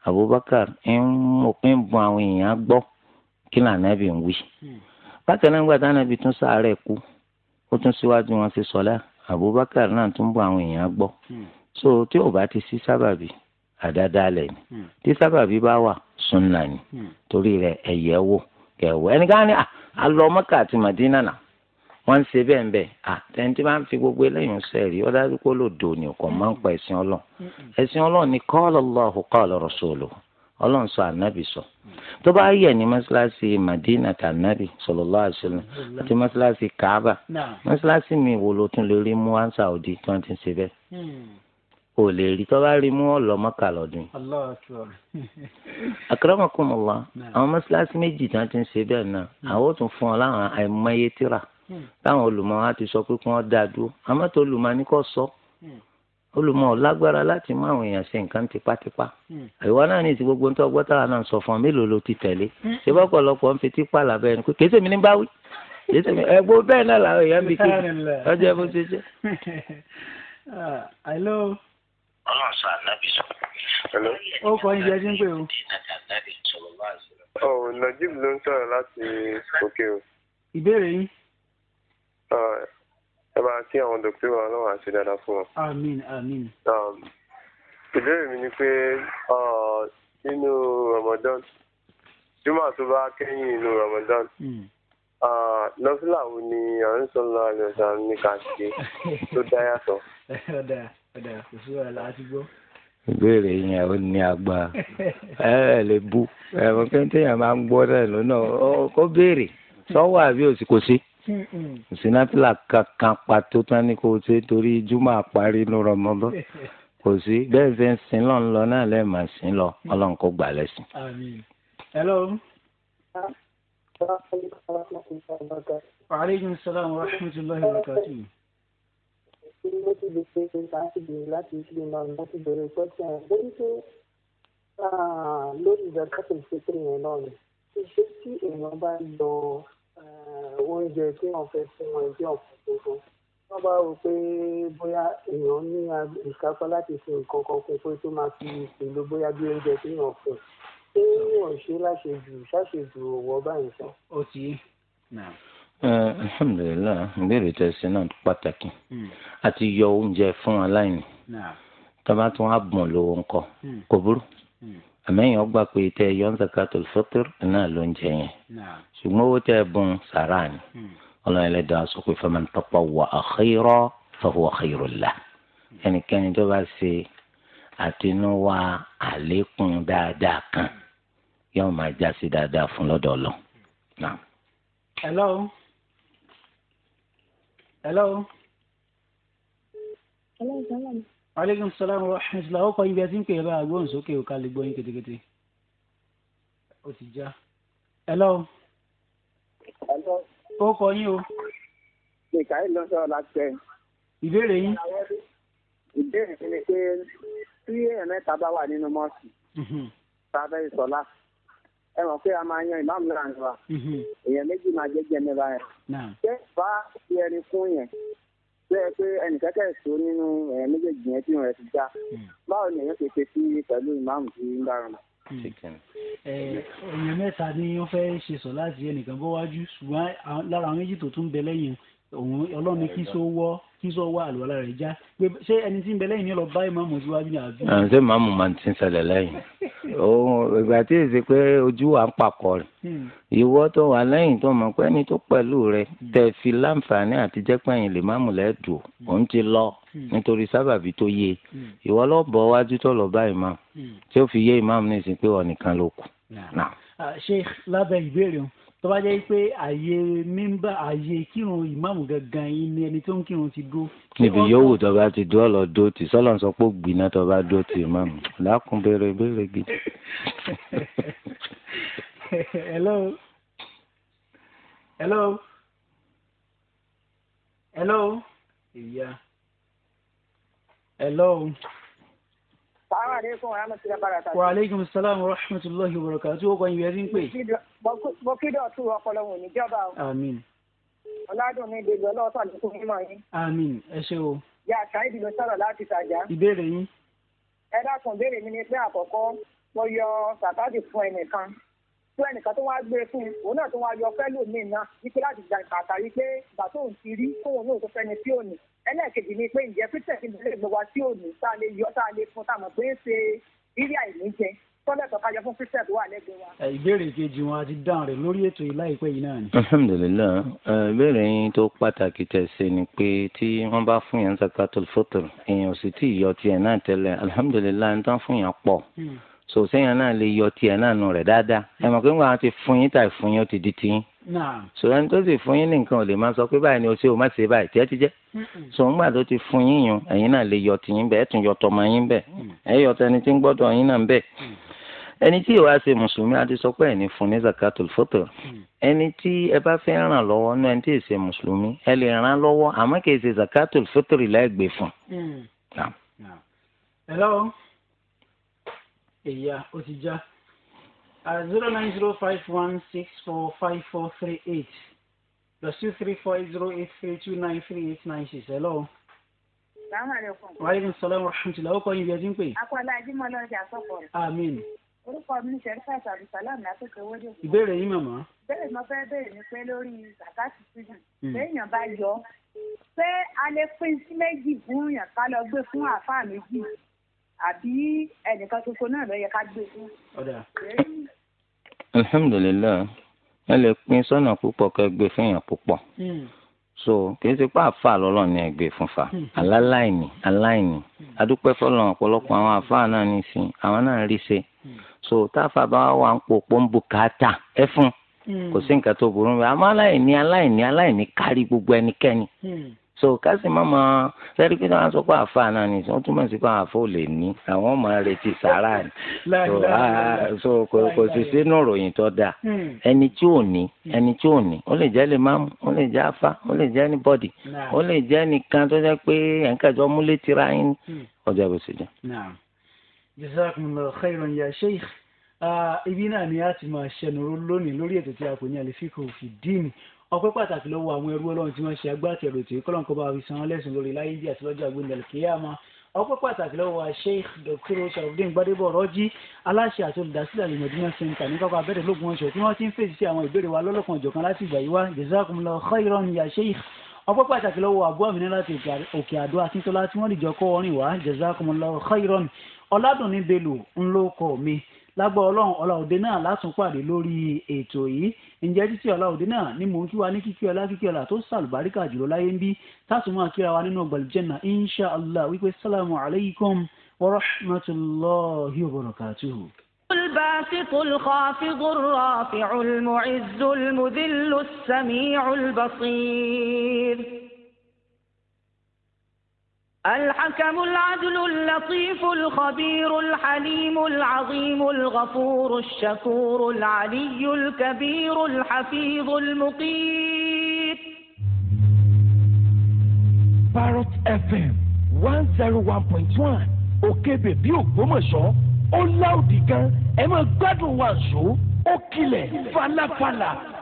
Abubakar ń bun àwọn èèyàn gbọ́ kí lànàbì ń wí. bákan náà ńgbà tánàbì tún sàárẹ̀ kú ó tún síwájú wọn ṣe sọ̀lá Abubakar náà tún bun àwọn èèyàn gbọ́ so tí ò bá ti sí sábàbí àdáadáa lẹ̀ ni tí sábàbí bá wà sunna ni torí rẹ̀ ẹ̀yẹ́ wò. kẹwọ ẹnìkan ni alọ ah, mọkà àti madina na. wọn ń ṣe bẹ́ẹ̀ ah, ń à fi gbogbo eléyìí sẹẹrí ó dájú pé olódò ni kò máa ń pa ọlọ ọlọ ni qala Allahu kọọlọ rasuluhu Ọlọ́run sọ anabi sọ tó bá yẹ ní mọ́ṣáláṣí madina tànábì sallallahu àti kaaba mi wo ló tún lè rí mú ansa kò lè rí tọ́ bá rí mú ọlọ́mọ́kà lọ́dún. akramakumullah àwọn mọ́ṣáláṣí méjì tí wọ́n ti ń ṣe bẹ́ẹ̀ náà hmm. àwọn ò tún fún ọ láwọn àìmọye tíra hmm. táwọn olùmọ̀ wa ti sọ pé kí wọ́n dá a dúró àmọ́ tó olùmọ̀ ni kò sọ hmm. olùmọ̀ lágbára láti mú àwọn èèyàn ṣe nǹkan tipátipá àìwá náà ní ti gbogbo nítorí ọgbọ́tà náà sọ fún ọ mélòó ló ti tẹ̀lé ṣé bọ́pọ̀lọpọ̀ ń fi tipa làbẹ́ ẹni pé kèsè mi ní báwí kèsè mi ẹgbó bẹ́ẹ̀ náà làwọn èèyàn bí kéde ọjọ́ ẹ bó ṣe jẹ́. Ah, ọlọ́run sọ ànábì sọ. ó kọ oúnjẹ tí ń pè o. ọ̀hún oh, najib ló ń sọ̀rọ̀ láti òkè o. ìbéèrè yín. ẹ máa kí àwọn dókítà wa ọlọ́run àti dáadáa fún wọn. àmín àmín. ìbéèrè mi ni pé nínú Ramadan jùmọ̀ tó bá kẹ́yìn inú Ramadan hmm. nọ́fìlà wo ni à ń sọ lọ́wọ́ àlẹ́ ọ̀sán ní ká ṣe tó dá yàtọ̀. ìbéèrè yẹn ó ní agbára ẹ lè bu ẹ̀wọ̀n kẹ́ńtẹ́ yẹn máa ń gbọ́ náà lónà kó béèrè sọ́wọ́ àbí òsì kò sí sinapila kankan pàtó tán ni kò ṣe torí jùmọ̀ àparí inú rọmọbọ kò sí bẹ́ẹ̀ fẹ́ ń sin lọ́n lọ náà lẹ́ẹ̀ máa sin lọ ọlọ́run kò gbà lẹ́sìn. hello. wa aleykum salaam wa rahmatulahi wa barakatuh pé ó ti lè pe láti bèrè láti ilé náà láti bèrè pẹ́sẹ̀ ẹ̀ lórí pé lórí ìdàgbàsókè ìṣètò yẹn náà ni ṣíṣe tí èèyàn bá lọ oúnjẹ tí wọ́n fẹ́ fún wọn jẹ́ ọ̀pọ̀ tuntun wọ́n bá rò pé bóyá èèyàn ní ìkápá láti fi nǹkan kan kún pé tó máa fi èlò bóyá bí oúnjẹ tí wọ́n fẹ́ ṣé wọ́n ṣe láṣejù ṣáṣejù òwò báyìí sàn. ó ti náà. Eh, alhamdulilayi ìbéèrè tẹ̀sí náà pàtàkì àti hmm. yọ oúnjẹ fún aláìní tọ́ba tí wọ́n á bùn lówó ńkọ hmm. kò burú hmm. àmẹ́yìn ọgbà pé tẹ yọ̀ǹ zakatul fitr náà ló ń jẹ yẹn ṣùgbọ́n owó tẹ bùn sàrà ni ọlọ́run ẹlẹ́dàá sọ pé faman tatawwa'a khayran fahuwa khayrun lah ẹnikẹ́ni tó bá ṣe àtinúwá àlékún dáadáa kan yóò máa jásí dáadáa fún lọ́dọ̀ ọlọ́run. hello hello. aleykum salaam wa rahmatulah ó kọ ibi ẹtí ń pè é bá agbóhùn sókè òkà lè gbọ́ yín kétékété ti já hello. ó kọ yín o. mikael ló sọ̀rọ̀ láti tẹ̀. ìbéèrè yín. ìbéèrè mi ni pé tí èèyàn mẹ́ta bá wà nínú mọ́ọ̀sì. sábẹ́ mhm. ìsọ̀lá ẹ mọ̀ pé a máa yan ìmáàmù náà ni wa mhm. èèyàn méjì máa jẹ́ jẹ́ mẹ́ba yẹn ṣé bá fi ẹni fún yẹn ṣé ẹ pé ẹnìkẹ́kẹ́ sọ nínú èèyàn méjèèjì yẹn tí wọn ti já mhm. báwo ni èèyàn ṣe sí pẹ̀lú ìmáàmù tí ń bára mọ̀. Mhm. èèyàn mẹ́ta ni wọ́n fẹ́ ṣe sọ láti ẹnìkan bọ́ wájú ṣùgbọ́n lára àwọn méjì tó tún bẹ lẹ́yìn ọlọ́run kí sọ wọ́ kí sọ wá àlùwàlá rẹ̀ já pé ṣé ẹni tí ń bẹ lẹ́yìn ní lọ bá ìmáàmù síwájú ní àbí. àwọn ṣé màmú máa ti ń ṣẹlẹ̀ lẹ́yìn ìgbà tí èsì pé ojú wa ń pakọ̀ rẹ̀ hmm. ìwọ tó wà lẹ́yìn tó mọ̀ pé ẹni tó pẹ̀lú rẹ̀ hmm. tẹ̀ fi láǹfààní àti jẹ́pẹ̀yìn lè máàmù lẹ́dùn hmm. òun ti lọ nítorí sábàbí tó yé ìwọ lọ bọ̀ wájú tó lọ bá ìmáàmù tí ó fi yé ìmáàmù ní ìsìn pé ọ̀ nìkan ló kù. ṣé ah, lábẹ́ ìbéèrè tó bá jẹ́ pé àyè mímbà àyè kírun ìmáàmù gangan yìí ni ẹni tó ń kírun ti dúró. níbi yòówù tó bá ti dúró lọ dúró tì sọ́lọ́ sọ pé gbiná tó bá dúró tì ìmáàmù lákùn bẹ̀rẹ̀ ìbéèrè gidi. hello hello hello ìyá hello. hello? wa aleykum salaam wa rahmatulahi wa barakatuh ó kọ́ ìwé ẹ̀rí ń pè. mo kí dọ̀tú ọpọlọ wọn níjọba o. àmín. ọ̀làdùnmí dèjọ́ lọ́wọ́sọ̀ ní kò mímọ́ yín. àmín ẹ ṣé o. ya saheed ló sọ̀rọ̀ láti sàjà. ìbéèrè yín. ẹ dákun béèrè mi ni pé àkọ́kọ́ mo yọ sàkáàdì fún ẹnìkan tó ẹnìkan tó wá gbé e fún un òun náà tó wá yọ fẹ́ lómìn náà wípé láti gba ìbàtà wípé ìgbà tóun ti rí tóun náà tó fẹ́ni tí ò ní ẹlẹ́ẹ̀kejì ni pé ǹjẹ́ christian ti bẹ̀rẹ̀ gbogbo tí ò ní tá a lè yọ tá a lè fún táwọn pé ṣe rírí àìní jẹ tọ́lẹ̀ tó kájọ fún christian tó wà lẹ́gbẹ̀ẹ́ wa. ìbéèrè kejì wọn àti dáhùn rẹ lórí ètò yìí láìpẹ́ yìí náà ni. alhamdulilayi ìbéèrè yín tó pàtàkì tẹ̀sí ni pé tí wọ́n bá fún yẹn zakatul fitr èèyàn sì tí ì yọ tiẹ̀ náà tẹ́lẹ̀ alhamdulilayi ń tán fún yẹn pọ̀. Hmm so sẹ́yìn náà lè yọ tiẹ̀ náà nù rẹ̀ dáadáa ẹ mọ̀ pé wọn àwọn ti fún yín tàì fún yín ó ti di tiyín so ẹni tó sì fún yín ní nǹkan ò lè máa sọ pé báyìí ni o ṣe o má ṣe báyìí tiẹ́ ti jẹ́ so ńgbà tó ti fún yín yun ẹ̀yin náà lè yọ tiyín bẹ́ẹ̀ ẹ̀ tún yọ tọmọ yín bẹ́ẹ̀ mm. ẹ̀ yọ tẹni tí ń gbọ́dọ̀ yín náà bẹ́ẹ̀ mm. ẹni tí ìwà ṣe mùsùlùmí àti sọ pé ẹni fún ní zakatul fitr mm. ẹni ẹ̀yà ó ti já uh, zero nine zero five one six four five four three eight plus two three four eight zero eight three two nine three eight nine six hello. salaamaleykum. waaleykum salaam wa rahmatulah o kò yin bí ẹ ti ń pè. akọ́lá ajímọ̀lá ọjà sọ̀kọ̀. àmín. orúkọ mi sẹ́rífà sàbùsálàm lásìkò owódì. ìbéèrè yín màmá. bẹ́ẹ̀ mo fẹ́ béèrè ni pé lórí zakati sísun. béèyàn hmm. bá yọ pé a lè pín sí méjì fún yàn ká lọ gbé fún àáfàá méjì àbí ẹnìkan tuntun náà ló yẹ ká gbé fún. alhamdulilayi ẹ lè pín sọ́nà púpọ̀ kẹ́ gbé fún èèyàn púpọ̀ hmm. so kìí ṣe pé àfa lọ́lọ́ ni ẹgbẹ́ fúnfa hmm. aláìní aláìní hmm. adúpẹ́ fọlọ́n ọ̀pọ̀lọpọ̀ àwọn àfa náà ní sìn àwọn náà rí ṣe so táfà bá wà ń pò pọ́ńbù káàtà ẹ fún kò sí nǹkan tó burú bẹ́ẹ̀ àmọ́ aláìní aláìní aláìní kárí gbogbo ẹnikẹ́ni so kásì má máa sẹ́rí pé wọ́n á sọ pé àfa náà ni wọ́n túmọ̀ sí pé àfa ò lè ní àwọn ọmọ retí sàárà ni ah, so kò sì sínú ròyìn tó dáa hmm. ẹni tí ò ní hmm. ẹni tí ò ní ó lè jẹ́ lè máàmù ó lè jẹ́ afá ó lè jẹ́ ní bọ́dì ó lè jẹ́ nìkan tó jẹ́ pé ẹ̀ńkàjọ́ múlé tira yín hmm. ọjọ́ bó ṣe jẹ́. jazakumullahu khairan ya sheikh ah, ibi náà ni a ti máa ṣẹnu lónìí lórí ètò tí a kò ní àlefikò fìdí ni ọpẹ́ pàtàkì lọ́wọ́ àwọn ẹrú Ọlọ́run tí wọ́n ṣe agbátẹrù tí kọlọn kọba àfi san lẹsùn lórí láyé bí àtìlọjọ àgbẹnulẹ kíyàmá ọpẹ́ pàtàkì lọ́wọ́ Sheikh Dr. sharafdin gbadebo rọjí aláṣẹ àti olùdásílẹ̀ alimọdúnmọ sẹńtà ní pápá abẹrẹ lógún ọṣọ tí wọ́n ti ń fèsì sí àwọn ìbéèrè wa lọlọkan ọjọ́kan láti ìgbà yìí wá jazakumullahu khairan ya Sheikh ọpẹ́ pàtàkì lọ́wọ́ àbú àmì láti òkè àdó akíntola tí wọ́n dìjọ kọ orin wá jazakumullahu khairan ọládùnní bello lágbọ́ ọlọ́run ọláòdé náà látún pàdé lórí ètò yìí ǹjẹ́ títí ọláòdé náà ni mò ń kí wa ní kíkí ọlá kíkí ọlá tó sàlùbáríkà jùlọ láyé ń bí tásùmọ́ àkíra wa nínú ọgbà ìjẹ́nà insha allah wípé sálàmù alaykum wa rahmatulahi wa barakatuhu. الباسط الخافض الرافع المعز المذل السميع البصير الحكم العدل اللطيف الخبير الحليم العظيم الغفور الشكور العلي الكبير الحفيظ المقيت Parrot FM 101.1 òkèbè bí ògbómọ̀ṣọ́ ó láòdì gan ẹ máa gbádùn wàǹṣó ó kilẹ̀ falafala.